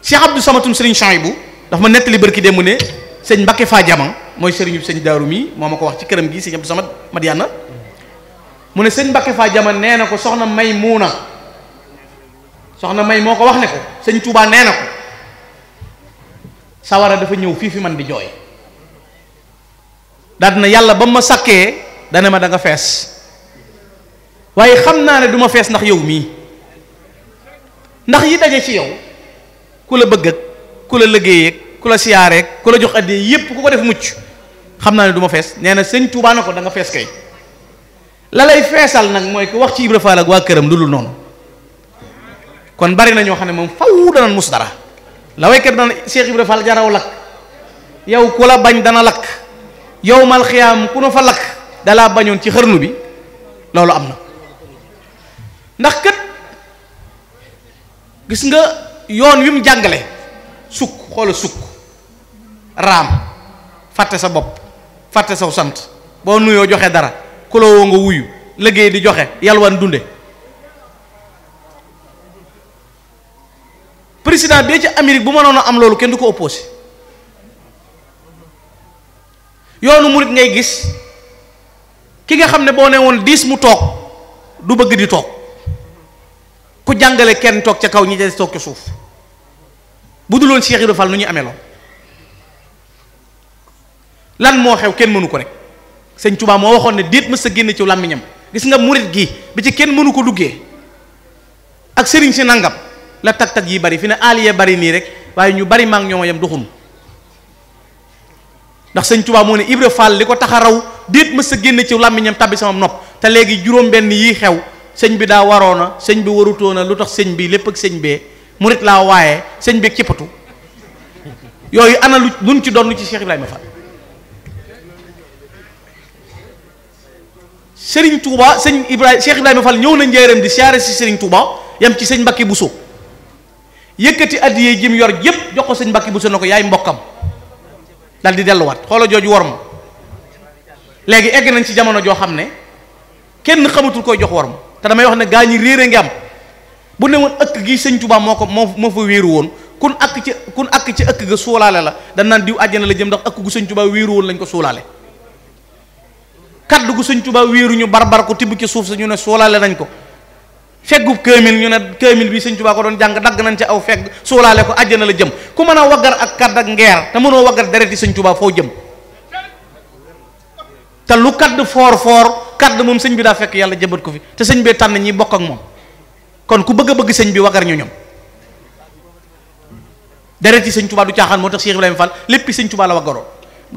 Cheikh Samatum sëriñ Chouaïbou dafa ma nettali barki démb ne sëñ Mbakke faa jaman mooy sëriñu sëñ Daaru mii moo ma ko wax ci këram gi sëñ Abdou Samad Madiana mu ne sëñ Mbakke faa jaman nee na ko soxna May muuna soxna May moo ko wax ne ko sëñ Tuubaa nee na ko sawara dafa ñëw fii fi man di jooy daal na yàlla ba mu ma sakkee dana ma danga fees waaye xam naa ne duma fees ndax yow mii ndax yi daje ci yow ku la bëgg ak ku la liggéeyeeg ku la siyaareeg ku la jox addee yépp ku ko def mucc xam naa ne duma fees nee na sëñ Tuubaa ko da nga fees kay la lay feesal nag mooy ko wax ci Ibra Faal ak waa këram lu dul noonu kon bari na ñoo xam ne moom faw dana mus dara la waykat dana Cheikh Ibra Faal jaraw lakk yow ku la bañ dana lakk yowmal xiyaam ku nu fa lakk dalaa bañoon ci xërnu bi loolu am na ndax kat gis nga yoon wi mu jàngale sukk xoola sukk raam fàtte sa bopp fàtte saw sant boo nuyoo joxe dara kulowoo nga wuyu liggéey di joxe yalwaan dunde président bi ci Amérique bu mënoon a am loolu kenn du ko opposé yoonu murit ngay gis ki nga xam ne boo ne woon diis mu toog du bëgg di toog ku jàngale kenn toog ca kaw ñi des toog ca suuf bu duloon Cheikh Ibra Fall nu ñuy amee lan moo xew kenn mënu ko rek sëñ Tuubaa moo waxoon ne déet ma sa génn ci làmmiñam gis nga murit gi bi ci kenn mënu ko duggee ak sëriñ si nangam la tag-tag yi bari fi ne aaliye bari nii rek waaye ñu bari maa ñoo yam duxum ndax sëñ Tuubaa moo ne Ibra Fall li ko taxa raw déet mës a génn ci làmmiñam tabbi sama nopp te léegi juróom-benn yii xew sëñ bi daa waroona sëñ bi warutoona lu tax sëñ bi lépp ak sëñ bee murit laa waaye sëñ bi cippatu yooyu ana lu ci doon lu ci Cheikh Ibrahima sëriñ Touba sëñ Ibrahima Cheikh Ibrahima Fall ñëw na njëriñam di siyaare si sëriñ Touba yam ci sëñ Mbacke Bousso yëkkati addiye jim yor yépp jox ko sëñ Mbacke Bousso na ko yaay mbokkam dal di delluwaat xoola jooju worm léegi egg nañ ci jamono joo xam ne kenn xamatul koy jox worm te damay wax ne gaa ñi réer a ngi am bu ne woon ëkk gi sëñ Tuubaa moo ko moo moo fa wéeru woon kun akk ci kun akk ci ëkk ga suulaale la dañ naan diw àjjana la jëm ndax ëkk gu sëñ Tuubaa wéeru woon lañ ko suulaale kaddu gu sëñ Tuubaa wéeruñu barbar ko tibb ci suuf sa ñu ne suulaale nañ ko feggub kaamil ñu ne kaamil bi sëñ Tuubaa ko doon jàng dagg nañ ca aw fegg suulaale ko àjjana la jëm ku mën a waggar ak kadd ak ngeer te mënoo waggar dereti sëñ Tuubaa foo jëm te lu kadd foor foor kadd moom sëñ bi daa fekk yàlla jëmbat ko fi te sëñ bee tànn ñi bokk ak moom kon ku bëgg bëgg sëñ bi waggar ñu ñoom dereti sëñ Tuubaa du caaxaan moo tax Cheikh Ibrahima Fall léppi sëñ Tuubaa la waggaroon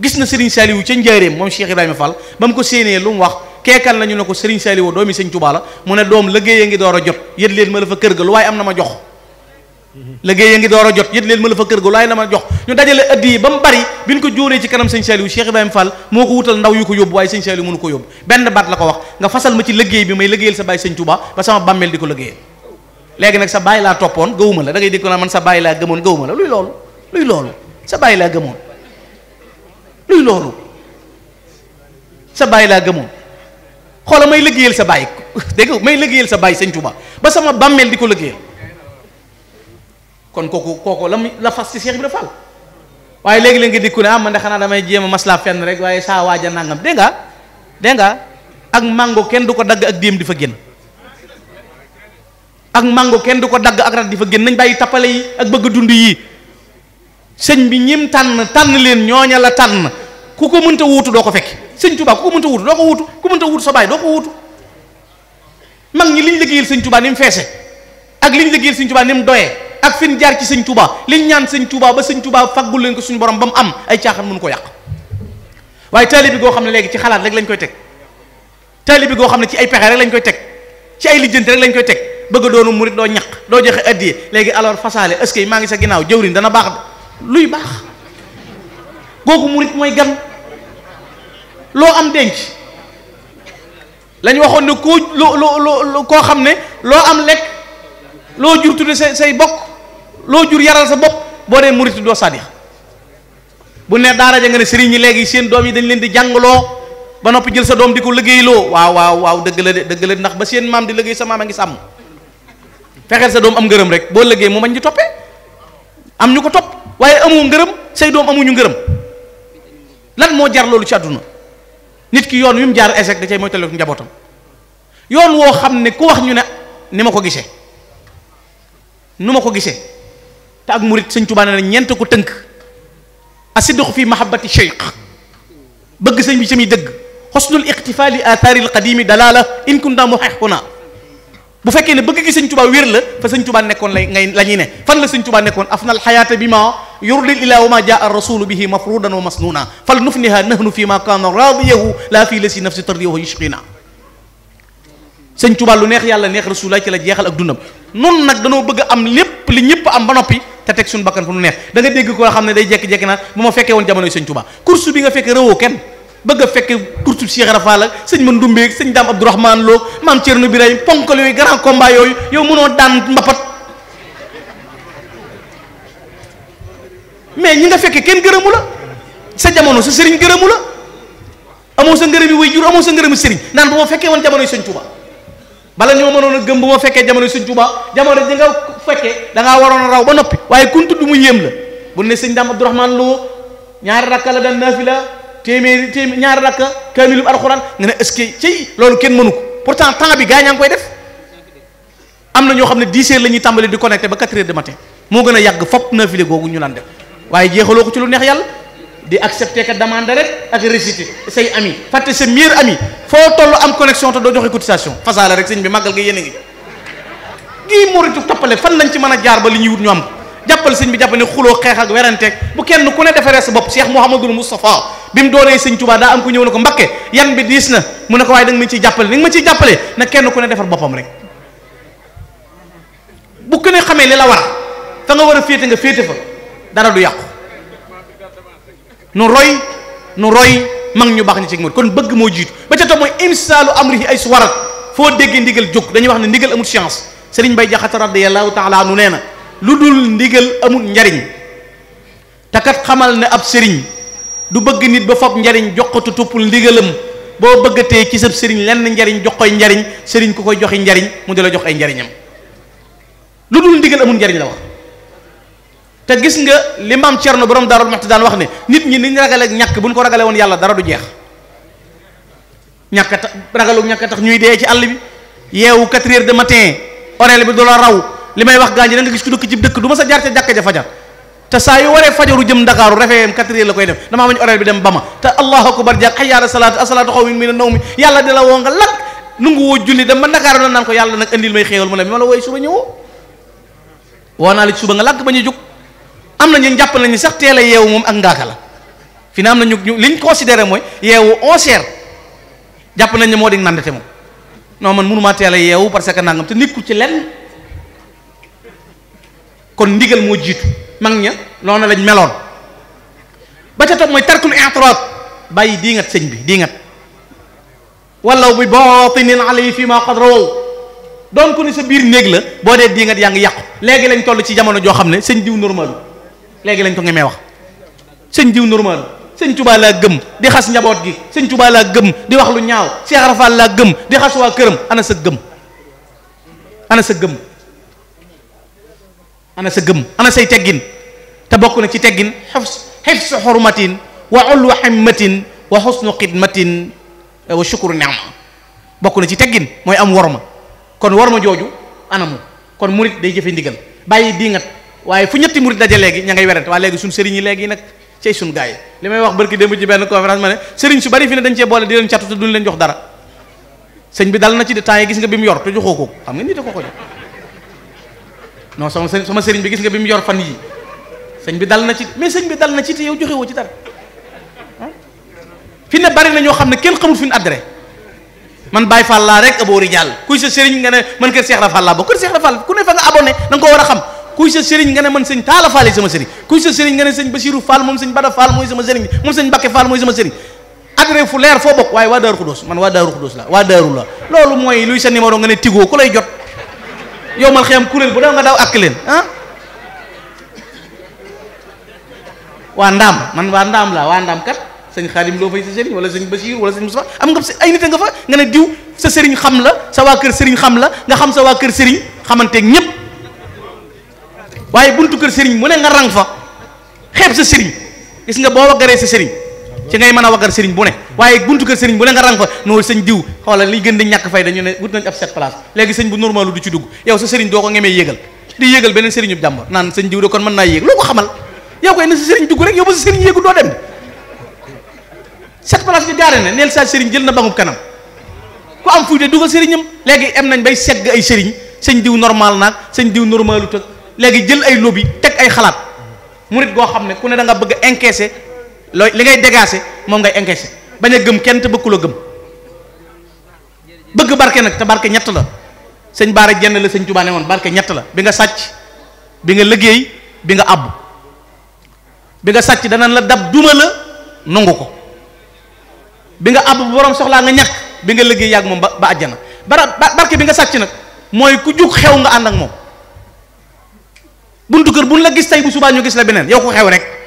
gis na Serigne Saliou ca njaareem moom Cheikh Ibrahima Fall ko séenee lu wax keekal nañu ne ko Serigne Saliou doomi Serigne Touba la mu ne doom liggéey ngi door a jot yët ma la fa kër ga lu waaye am na ma jox liggéey ngi door a jot yët leen ma la fa kër ga lu waaye na ma jox ñu dajale addi yi ba mu bari bi ñu ko jóoree ci kanam Serigne Saliou Cheikh Ibrahima Fall moo ko wutal ndaw yu ko yóbbu waaye Serigne Saliou mënu ko yóbbu benn baat la ko wax nga fasal ma ci liggéey bi may liggéeyal sa baay Serigne Touba ba sama bàmmeel di ko liggéeyal léegi nag sa baay laa toppoon gëwuma la da ngay sa baay laa gëmoon gëwuma la luy loolu luy loolu sa baay laa gëmoon luy loolu laa gëmoon xoola may liggéeyal sa bàyyi dégg may liggéeyal sa bàyyi sëñ Tuuba ba sama bàmmeel di ko liggéeyal kon kooku kooku la mu la fas ci Cheikh Ibra Fall waaye léegi-léegi nga dikku ne ah man xanaa damay jéem a maslaa fenn rek waaye saa waaja nangam dégg nga dégg nga ak mango kenn du ko dagg ak déem di fa génn ak mango kenn du ko dagg ak rat di fa génn nañ bàyyi tappale ak bëgg dund yi sëñ bi ñim tànn tànn leen ñooña la tànn ku ko mënta wutu doo ko fekk sëñ tubaa ku ko mënta wuutu doo ko wuutu ku mënta wuutu sa baay doo ko wuutu mag ñi liñ liggéeyal sëñ tubaa ni mu feese ak liñ liggéeyal sëñ Tuubaa ni mu doyee ak fi jaar ci sëñ tubaa liñ ñaan sëñ tubaa ba sëñ Tuubaa faggul leen ko suñu borom ba mu am ay caaxaan mënu ko yàq waaye taalibe bi goo xam ne léegi ci xalaat rek lañ koy teg taalibe bi goo xam ne ci ay pexe rek lañ koy teg ci ay lijjanti rek lañ koy teg bëgg a doonu murit doo ñaq doo joxe addiye léegi alors fasaale est maa ngi sa ginnaaw jëwriñ dana baax luy baax googu mooy gan loo am denc lañ waxoon ne koo loo loo loo koo xam ne loo am lekk loo jur tudde say say bokk loo jur yaral sa bopp boo dee murit doo sàddiq bu ne daara ja nga ne sëriñ ñi léegi seen doom yi dañ leen di jàngloo ba noppi jël sa doom di ko liggéeyloo waaw waaw waaw dëgg la de dëgg la ndax ba seen maam di liggéey sa maam a ngi sàmm fexeel sa doom am ngërëm rek boo liggéey mu mañ di toppee am ñu ko topp waaye amoo ngërëm say doom amuñu ngërëm lan moo jar ci àdduna nit ki yoon wi mu jaar échec da cay mooy talof njabootam yoon woo xam ne ku wax ñu ne ni ma ko gisee nu ma ko gisee te ak murit sëñ Tuubaa ne ñeent ko tënk asidduq fi mahabbati cheikh bëgg sañ bi sami dëgg xosnul iqtifaali athaari alqadimi dalala in kunta naa bu fekkee ne bëgg gi sëñ tubaa wér la fa sëñ tubaa nekkoon lay ngay la ñuy ne fan la sëñ tubaa nekkoon afnal xayaata bi ma yurdil ilaa wa ma jaa ar rasulu bihi mafrudan wa masnuna fal lu neex yàlla neex rasulullah ci la jeexal ak dundam nun nag danoo bëgg am lépp li ñëpp am ba noppi te teg suñu bakkan fu nu neex da dégg koo xam ne day jekki-jekki naan bu ma fekkee woon jamonoy sëñ tubaa course bi nga fekkee rëwoo kenn bëgg a fekke course bi Cheikh Rafa la sëñ ma Ndumbeeg sëñ Dame Abdourahmane Lo maam Thierno Birahim ponkal yooyu grand combat yooyu yow mënoo daan mbapat mais ñi nga fekke kenn gërëmu la sa jamono sa sëriñ gërëmu la amoo sa ngërëm yi way jur amoo sa ngërëm sëriñ naan bu ma fekkee woon jamono yi sëñ Touba bala ñoo mënoon a gëm bu ma fekkee jamono sëñ Touba jamono ji nga fekkee dangaa waroon a raw ba noppi waaye kun tudd mu yéem la bu ne sëñ Dame Abdourahmane loo ñaari rakka la téeméeri téeméer ñaari rakka kaamilum alxuraan nga ne est-ce que ci loolu kenn mënu ko pourtant temps bi gaañaa ngi koy def am na ñoo xam ne dix heures la ñuy tàmbali di connecté ba quatre heures du matin moo gën a yàgg fop na file googu ñu lan def waaye jeexaloo ko ci lu neex yàlla di accepter que demande rek ak réciter say ami fàtte sa meilleur ami foo toll am connexion te doo joxe cotisation fasaale rek sëñ bi màggal nga yéene ngi gii moritu toppale fan lañ ci mën a jaar ba li ñuy wut ñu am jàppal sëñ bi jàppal ne xuloo xeex ak weranteeg bu kenn ku ne defaree sa bopp Cheikh Mouhamadul Moustapha bi mu doonee sëñ Tuubaa daa am ko ñëw na ko Mbakke yan bi diis na mu ne ko waaye da nga ma ciy jàppale ma ciy jàppale na kenn ku ne defar boppam rek bu ko xamee li la war fa nga war a féete nga féete fa dara du yàqu nu roy nu roy mag ñu baax ñi ci mot kon bëgg moo jiitu ba ca topp mooy imsaalu amrihi ay su waral foo déggee ndigal jóg dañuy wax ne ndigal amul chance Sëriñ Bay Jaxate radiyallahu taalaa nu nee na lu dul ndigal amul njariñ te kat xamal ne ab sëriñ du bëgg nit ba foog njariñ jox ko tuppul ndigalam boo bëggatee ci sab sëriñ lenn njariñ jox koy njariñ sëriñ ko koy joxe njariñ mu di la jox ay njariñam lu dul ndigal amul njariñ la wax te gis nga li maam Cerno borom ma Muxti daan wax ne nit ñi niñ ragale ak ñàkk buñ ko ragale woon yàlla dara du jeex ñàkk tax ragalu ñàkk tax ñuy dee ci àll bi yeewu 4 de matin horaire bi du la raw li may wax gaañ da nga gis ku dëkk ci dëkk du ma sa jaar ca jàkka ja fajar te saa yu waree fajaru jëm ndakaaru refeem quatre heures la koy def damaa bañ horaire bi dem ba ma te allahu akbar jàg xay yaala salaatu asalaatu xaw min ne naw mi yàlla di la woo nga lakk nungu woo julli dem ba ndakaaru na naan ko yàlla nag andil may xéewal mu ne ma la wooy suba ñëwoo woo naa la ci suba nga lakk ba ñu jug am na ñu jàpp nañu sax teel a yeewu moom ak ngaaka la fi na am na ñu liñ considéré mooy yeewu onze jàpp nañ moo di nandate moom non man mënumaa teel a yeewu parce que nangam te ci lenn kon ndigal moo jiitu mag ña noonu lañ meloon ba ca topp mooy tarkul i'tirad bàyyi diingat sëñ bi diingat walaw bi baatinin alayhi fi ma qad rawaw doon ko ni sa biir néeg la boo dee diingat yaa ngi yàqu léegi lañ toll ci jamono joo xam ne sëñ diw normal léegi lañ ko ngemee wax sëñ diw normal sëñ Tuubaa laa gëm di xas njaboot gi sëñ Tuubaa laa gëm di wax lu ñaaw Seex Rafal laa gëm di xas waa këram ana sa gëm ana sa gëm ana sa gëm ana say teggin te bokk na ci teggin xifs xifs xurmatin wa ulwa himmatin wa xusnu xidmatin eh, wa shukru ni'ma bokk na ci teggin mooy am worma kon worma jooju anamu kon murit day jëfe ndigal bàyyi diingat waaye fu ñetti murit daje léegi ña ngay werante waaye léegi suñ sëriñ yi léegi nag cey suñ gaay li may wax barki démb ci benn conférence ma ne sëriñ su bari fi ne dañ cee boole di leen catu te duñ leen jox dara sëñ bi dal na ci de yi gis nga bi mu yor joxoo ko xam nga nii da non sama sëriñ sama bi gis nga bi mu yor fan yi sëñ bi dal na ci mais sëñ bi dal na ci te yow joxe woo ci dara fi ne bari na ñoo xam ne kenn xamul fi ñu man Baye Fall rek aboori jàll kuy sa sëriñ nga ne man kër Cheikh Rafal laa kër Cheikh Rafal ku ne fa nga abonné da nga war a xam kuy sa sëriñ nga ne man sëñ Talla Fall sama sëriñ kuy sa sëriñ nga ne sëñ Basirou Fall moom sëñ Bada Fall mooy sama sëriñ moom sëñ Bakke Fall mooy sama sëriñ adhéré yow mal xiyam kuréel bu daw nga daw àkk leen ah? waa ndaam man waa ndaam laa waa ndaam kat sëñ xaadim loo fay sa sëriñ wala sëñ Basiir wala sëñ Musaa am nga ay nit a nga fa nga ne diw sa sëriñ xam la sa waa kër sëriñ xam la nga xam sa waa kër sëriñ xamanteeg ñépp waaye buntu kër sëriñ mu ne nga rang fa xeeb sa sëriñ gis nga boo waggaree sa sëriñ ci ngay mën a waggar sëriñ bu ne waaye buntu kër sëriñ bu ne nga rang fa noonu sëñ diw xoolal li gën di ñàkk fay dañu ne wut nañ ab set place léegi sëñ bu normalu du ci dugg yow sa sëriñ doo ko ngemee yéegal di yéegal beneen sëriñu jàmbur naan sëñ diw de kon mën naa yéeg loo ko xamal yow koy na sa sëriñ dugg rek yow ba sa sëriñ yéegul sa sëriñ jël na bangub kanam ku am fuy de léegi am nañ bay segg ay sëriñ sëñ diw normal naag sëñ diw normalu tëg léegi jël ay lobby teg ay xalaat murit goo xam ne ku ne da nga bëgg a looy li ngay dégager moom ngay encaisser bañ a gëm kenn te bëgg ku gëm bëgg barke nag te barke ñett la sëñ Baara jenn la sëñ Tuubaa ne woon barke ñett la bi nga sàcc bi nga liggéey bi nga àbb bi nga sàcc danañ la dab duma la nangu ko bi nga àbb bu borom soxlaa nga ñàkk bi nga liggéey yàgg moom ba ba àjjana bara barke bi nga sàcc nag mooy ku jug xew nga ànd ak moom buntu kër buñ la gis say bu subaa ñu gis la beneen yow ko xew rek.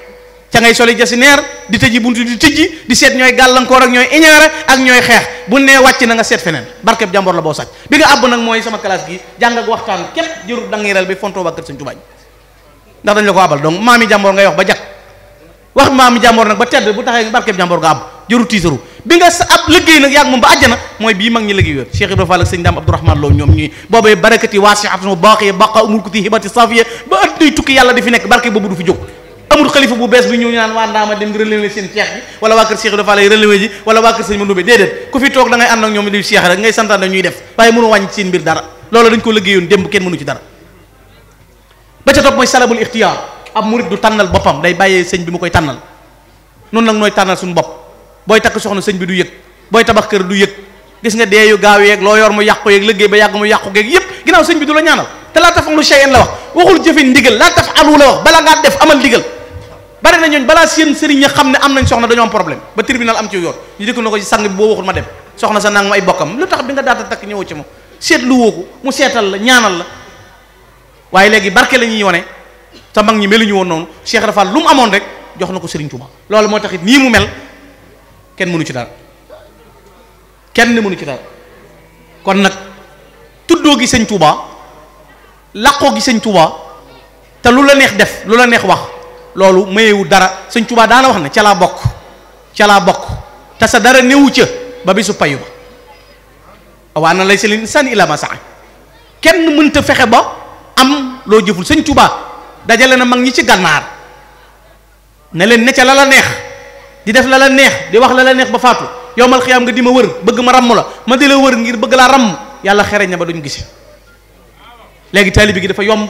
ca ngay soli jasineer di tëji buntu di tijji di seet ñooy gàllankoor ak ñooy iñaara ak ñooy xeex bu nee wàcc na nga seet feneen barkeb jàmbor la boo sàcc bi nga àbb nag mooy sama classe gi jàng ak waxtaan képp jërul da ngay rel bi fontoo ba kër Sëñ Tuubaa ndax dañ la ko abal donc maami jàmbor ngay wax ba jag wax maami jàmbor nag ba tedd bu taxee barkeb jàmbor nga ba àjjana mooy tukki yàlla di fi nekk barke boobu du fi jóg xalifa bu bees bi ñëw ñu ñaan waa ndaama dem relevé seen ceex bi wala waa kër Cheikh dafa lay relevé ji wala waa kër sëñ Mandumbe déedéet ku fi toog da ànd ak ñoom di Cheikh rek ngay santaan ñuy def waaye mënu wàññi seen mbir dara loolu dañ ko liggéeyoon démb kenn mënu ci dara ba ca topp mooy salabul ixtiyaar ab murid du tànnal boppam day bàyyee sëñ bi mu koy tànnal noonu nag nooy tànnal suñu bopp booy takk soxna sëñ bi du yëg booy tabax kër du yëg gis nga dee yu gaaw yeeg loo yor mu yàqu yeeg liggéey ba yàgg mu yàqu geeg yépp ginnaaw sëñ la ñaanal te laa taf am lu shay'an la wax waxul la wax bala ngaa def amal ndigal bari na ñooñ balaa seen sëriñ ya xam ne am nañ soxna dañoo am problème ba tribunal am ci yoon ñu dëkk na ko ci sang bi boo waxul ma dem soxna sa nangam ay bokkam lu tax bi nga daata takk ñëwoo ci moom seetlu woo ko mu seetal la ñaanal la waaye léegi barke la ñuy wone te mag ñi mel meluñu woon noonu Cheikh Rafal lu mu amoon rek jox na ko Serigne Touba loolu moo taxit nii mu mel kenn mënu ci dara kenn mënu ci dara kon nag tuddoo gi sëñ Touba làqoo gi sëñ Touba te lu la neex def lu la neex wax loolu mayewu dara sëñ Tuubaa daana wax na ca laa bokk ca laa bokk te sa dara néewu ca ba bisu payu ba awaa na lay sa lin insaan illa ma saa kenn mënta fexe ba am loo jëful sëñ Tuubaa dajale na mag ñi ci gànnaar ne leen ne ca la la neex di def la la neex di wax la la neex ba faatu yowmal xiyaam nga di ma wër bëgg ma ramm la ma di la wër ngir bëgg laa ramm yàlla xereñ na ba duñ gise léegi taalibe gi dafa yomb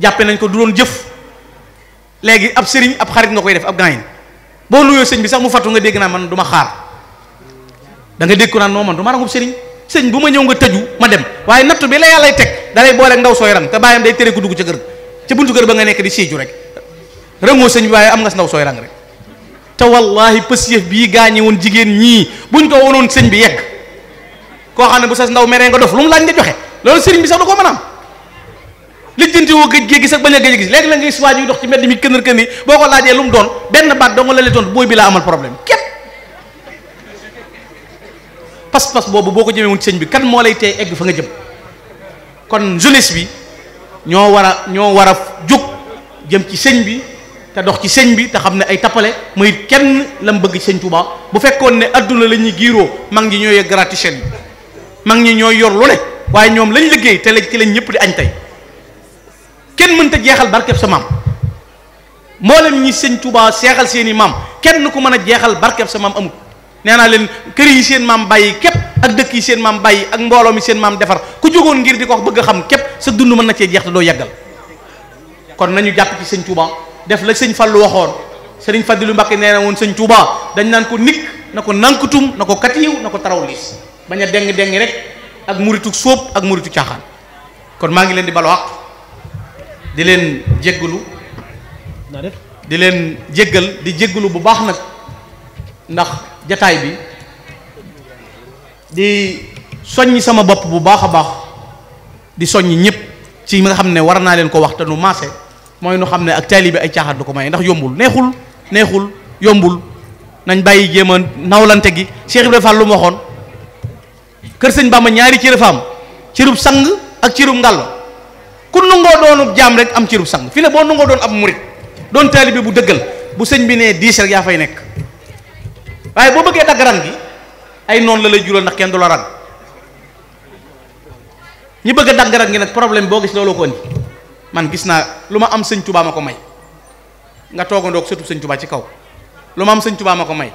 jàppe nañ ko du doon jëf léegi ab sëriñ ab xarit nga koy def ab gaayin boo nuyoo sëñ bi sax mu fattu nga dégg naa man du ma xaar da nga dégg ko naan noo man du ma rangub sëriñ sëñ bu ma ñëw nga tëju ma dem waaye nattu bi la yàllay teg dalay boole ndaw sooy rang te bàyyam day tere ko dugg buntu kër ba nga nekk di siiju rek rangoo sëñ waaye am nga ndaw sooy rang rek te wallahi pësiëf bii gaa gaañe woon jigéen ñii buñ ko wonoon sëñ bi yegg koo xam ne bu sas ndaw meree nga dof lu mu laaj nga joxe loolu sëriñ bi sax da ko mën lijjanti woo géej géej gi sax bañ a géej gis léegi la nga gis waa ji dox ci mbedd mi kënër kënër boo ko laajee lu mu doon benn baat dong la lay tontu booy bi laa amal problème képp pas-pas boobu boo ko jëmee woon ci sëñ bi kan moo lay tey egg fa nga jëm kon jeunesse bi ñoo war a ñoo war a jóg jëm ci sëñ bi te dox ci sëñ bi te xam ne ay tappale mooy kenn lam bëgg sëñ Tuubaa bu fekkoon ne àdduna la ñuy giiroo mag ñi ñooy yegg gratis bi mag ñi ñooy yor lu ne waaye ñoom lañ liggéey te lañ ci lañ ñëpp di añ tey kenn mënta jeexal barkeb sa maam mboolem ñi sëñ Touba seexal seen i kenn ku mën a jeexal barkeb sa maam nee naa leen kër yi seen maam bàyyi képp ak dëkk yi seen maam bàyyi ak mbooloo mi seen maam defar ku jógoon ngir di ko bëgg a xam képp sa dund mën na cee jeex te doo yàggal kon nañu jàpp ci sëñ def la sëñ Fallu waxoon sëriñ Fadilu Mbàkke nee na woon sëñ dañ naan ko nikk ne ko nankutum na ko katiiw na ko taraw liis bañ a deng deng rek ak muritu sóob ak muritu caaxaan maa ngi leen di baloo àq di leen jéggalu di leen jéggal di jéggalu bu baax nag ndax jataay bi di soññ sama bopp bu baax a baax di soññ ñëpp ci nga xam ne war naa leen ko wax te nu maase mooy nu xam ne ak taalibe ay caaxaan du ko maye ndax yombul neexul neexul yombul nañ bàyyi jéem a nawlante gi Cheikh Ibrahima lu mu waxoon kër sëñ Bamba ñaari cër faam cërub sang ak cërub ngàll ku nungoo doonu jaam rek am ci cërub sang fii ne boo nungoo doon ab murit doon taalibe bu dëggal bu sëñ bi nee diis rek yaa fay nekk waaye boo bëggee dagg ran gi ay noonu la lay jural ndax kenn du la ran ñi bëgg a dagg gi nag problème boo gis looloo ko ni man gis naa lu ma am sëñ tubaa ma ko may nga toogandoog sëtub sëñ tubaa ci kaw lu ma am sëñ tubaa ma ko may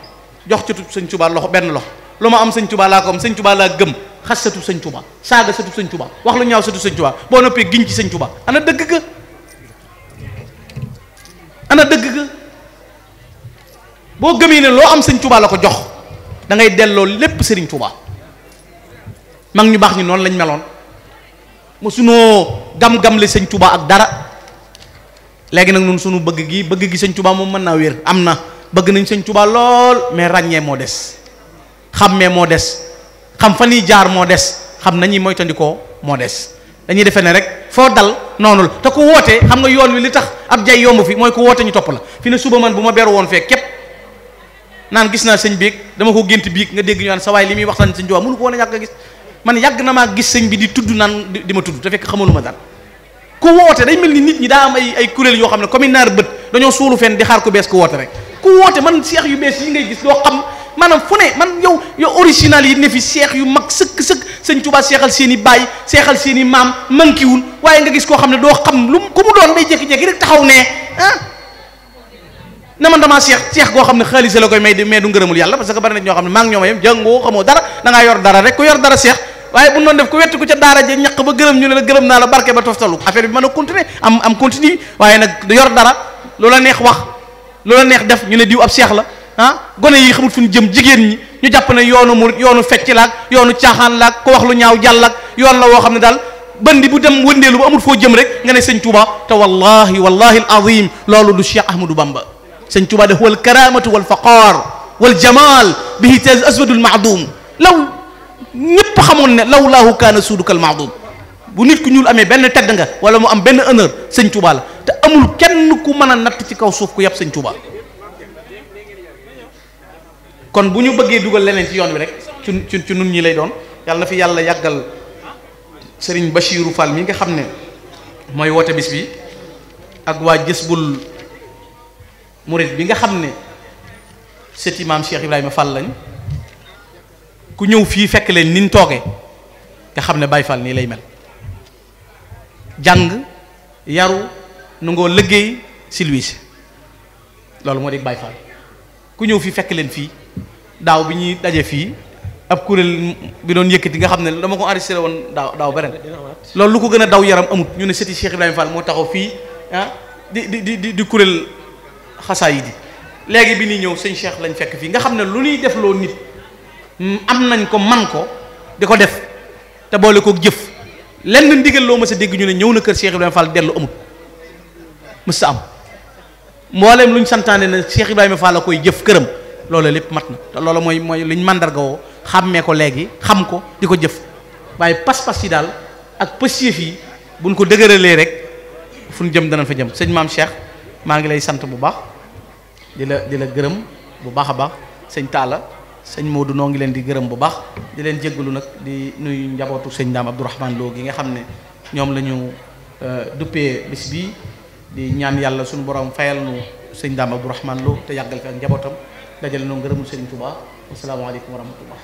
jox sëtub sëñ tubaa loxo benn loxo lu ma am sëñ tubaa laa ko am sëñ tubaa laa gëm xas satu sëñ Tuubaa saaga satu sëñ Tuubaa wax lu ñaaw satu sëñ Tuubaa boo noppee giñ ci sëñ Tuubaa ana dëgg ga ana dëgg ga boo gëmee ne loo am sañ Tuubaa la ko jox dangay delloo lépp sëriñ Tuubaa mag ñu baax ñi noonu lañ meloon mosunoo gam-gam le sëñ Tuubaa ak dara léegi nag nun sunu bëgg gi bëgg gi sañ Tuubaa moom mën naa wér am na bëgg nañ sëñ Tuubaa lool mais ràññee moo des xàmmee moo des xam fa ñuy jaar moo des xam nañuy moytandikoo moo des dañuy defee ne rek foo dal noonu la te ku wootee xam nga yoon wi li tax ab jay yomb fi mooy ku woote ñu topp la fi ne suba man bu ma beru woon fee képp naan gis naa sëñ biig dama ko gént biig nga dégg ñu sa waay li muy waxtaan sëñ Tuubaa mënu ko woon a ñàkk yàgg na maa gis sëñ bi di tudd naan di ma tudd te fekk xamaluma dara ku woote day mel ni nit ñi daa am ay ay kuréel yoo xam ne comme naar bët dañoo suulu fenn di xaar ku bees ku woote rek ku woote man seex yu bees yi ngay gis doo xam maanaam fu ne man yow yow original yi ne fi seex yu mag sëkk sëkk sëñ Tuubaa seexal seen i baay seexal seen i maam mankiwul waaye nga gis koo xam ne doo xam lu mu doon day jékki taxaw ne ah na man damaa seex seex goo xam ne xaalis la koy may mais du yàlla parce que bari na ñoo xam ne maa ngi ñoo ma yem jàngoo xamoo dara da ngaa yor dara rek ku yor dara seex waaye bu noonu def ku wett ku ca daara ja ñaq ba gërëm ñu ne la gërëm naa la barke ba toftalu affaire bi mën a continuer am am continue waaye nag yor dara loola neex wax loola neex def ñu ne diw ab seex la ah gone yi xamul fu ñu jëm jigéen ñi ñu jàpp ne yoonu mu yoonu fecc laag yoonu caaxaan laag ku wax lu ñaaw jàll ak yoon la woo xam ne daal bandi bu dem wëndeelu bu amul foo jëm rek nga ne sëñ Touba te wallahi wallahi alazim loolu du Cheikh Ahmadou Bamba sëñ Touba de huwa alkaramatu walfaqar waljamal bi hitaz aswadul maadum law ñëpp xamoon ne law laahu kaana suudukal maadum bu nit ku ñuul amee benn tedd nga wala mu am benn honneur sëñ Touba la te amul kenn ku mën a natt ci kaw suuf ku yàpp sëñ Touba kon bu ñu bëggee dugal leneen ci yoon wi rek ci ci ci nun ñi lay doon yàlla na fi yàlla yàggal sëriñ Bachirou fal mi nga xam ne mooy woote bis bi ak waa bul Murid bi nga xam ne sëti maam Cheikh Ibrahima Fall lañ ku ñëw fii fekk leen niñ toogee nga xam ne Baye Fall nii lay mel jàng yaru nu ngoo liggéey si loolu moo di Baye Fall ku ñëw fii fekk leen fii daaw bi ñuy daje fii ab kuréel bi doon yëkkati nga xam ne dama ko enregistré woon daaw daaw beneen loolu lu ko gën a daw yaram amut ñu ne sëti Cheikh Ibrahima Fall moo taxaw fii ah di di di di kuréel xasaa yi di léegi bi ñuy ñëw sëñ Cheikh lañ fekk fii nga xam ne lu ñuy def loo nit mm, am nañ ko man ko di ko def te boole ko jëf lenn ndigal loo mës a dégg ñu ne ñëw na kër Cheikh Ibrahima Fall dellu amut mës sa am mbooleem lu ñu santaane ne Cheikh Ibrahima Fall la koy jëf këram loola lépp mat na te loolu mooy mooy liñ màndarga woo xàmmee ko léegi xam ko di ko jëf waaye pas-pas yi daal ak pësiyëf yi buñ ko dëgëralee rek fu ñu jëm danañ fa jëm sëñ maam Cheikh maa ngi lay sant bu baax di la di la gërëm bu baax a baax sëñ Talla sëñ Modou noo ngi leen di gërëm bu baax di leen jéggalu nag di nuyu njabootu sëñ Daam Abdourahman Lo gi nga xam ne ñoom la ñu euh, duppee bis bii di ñaan yàlla suñu borom fayal nu sëñ Daam Abdourahman te yàggal ko dajal noo ngërëmu Serigne Touba asalaamaaleykum wa rahmatullah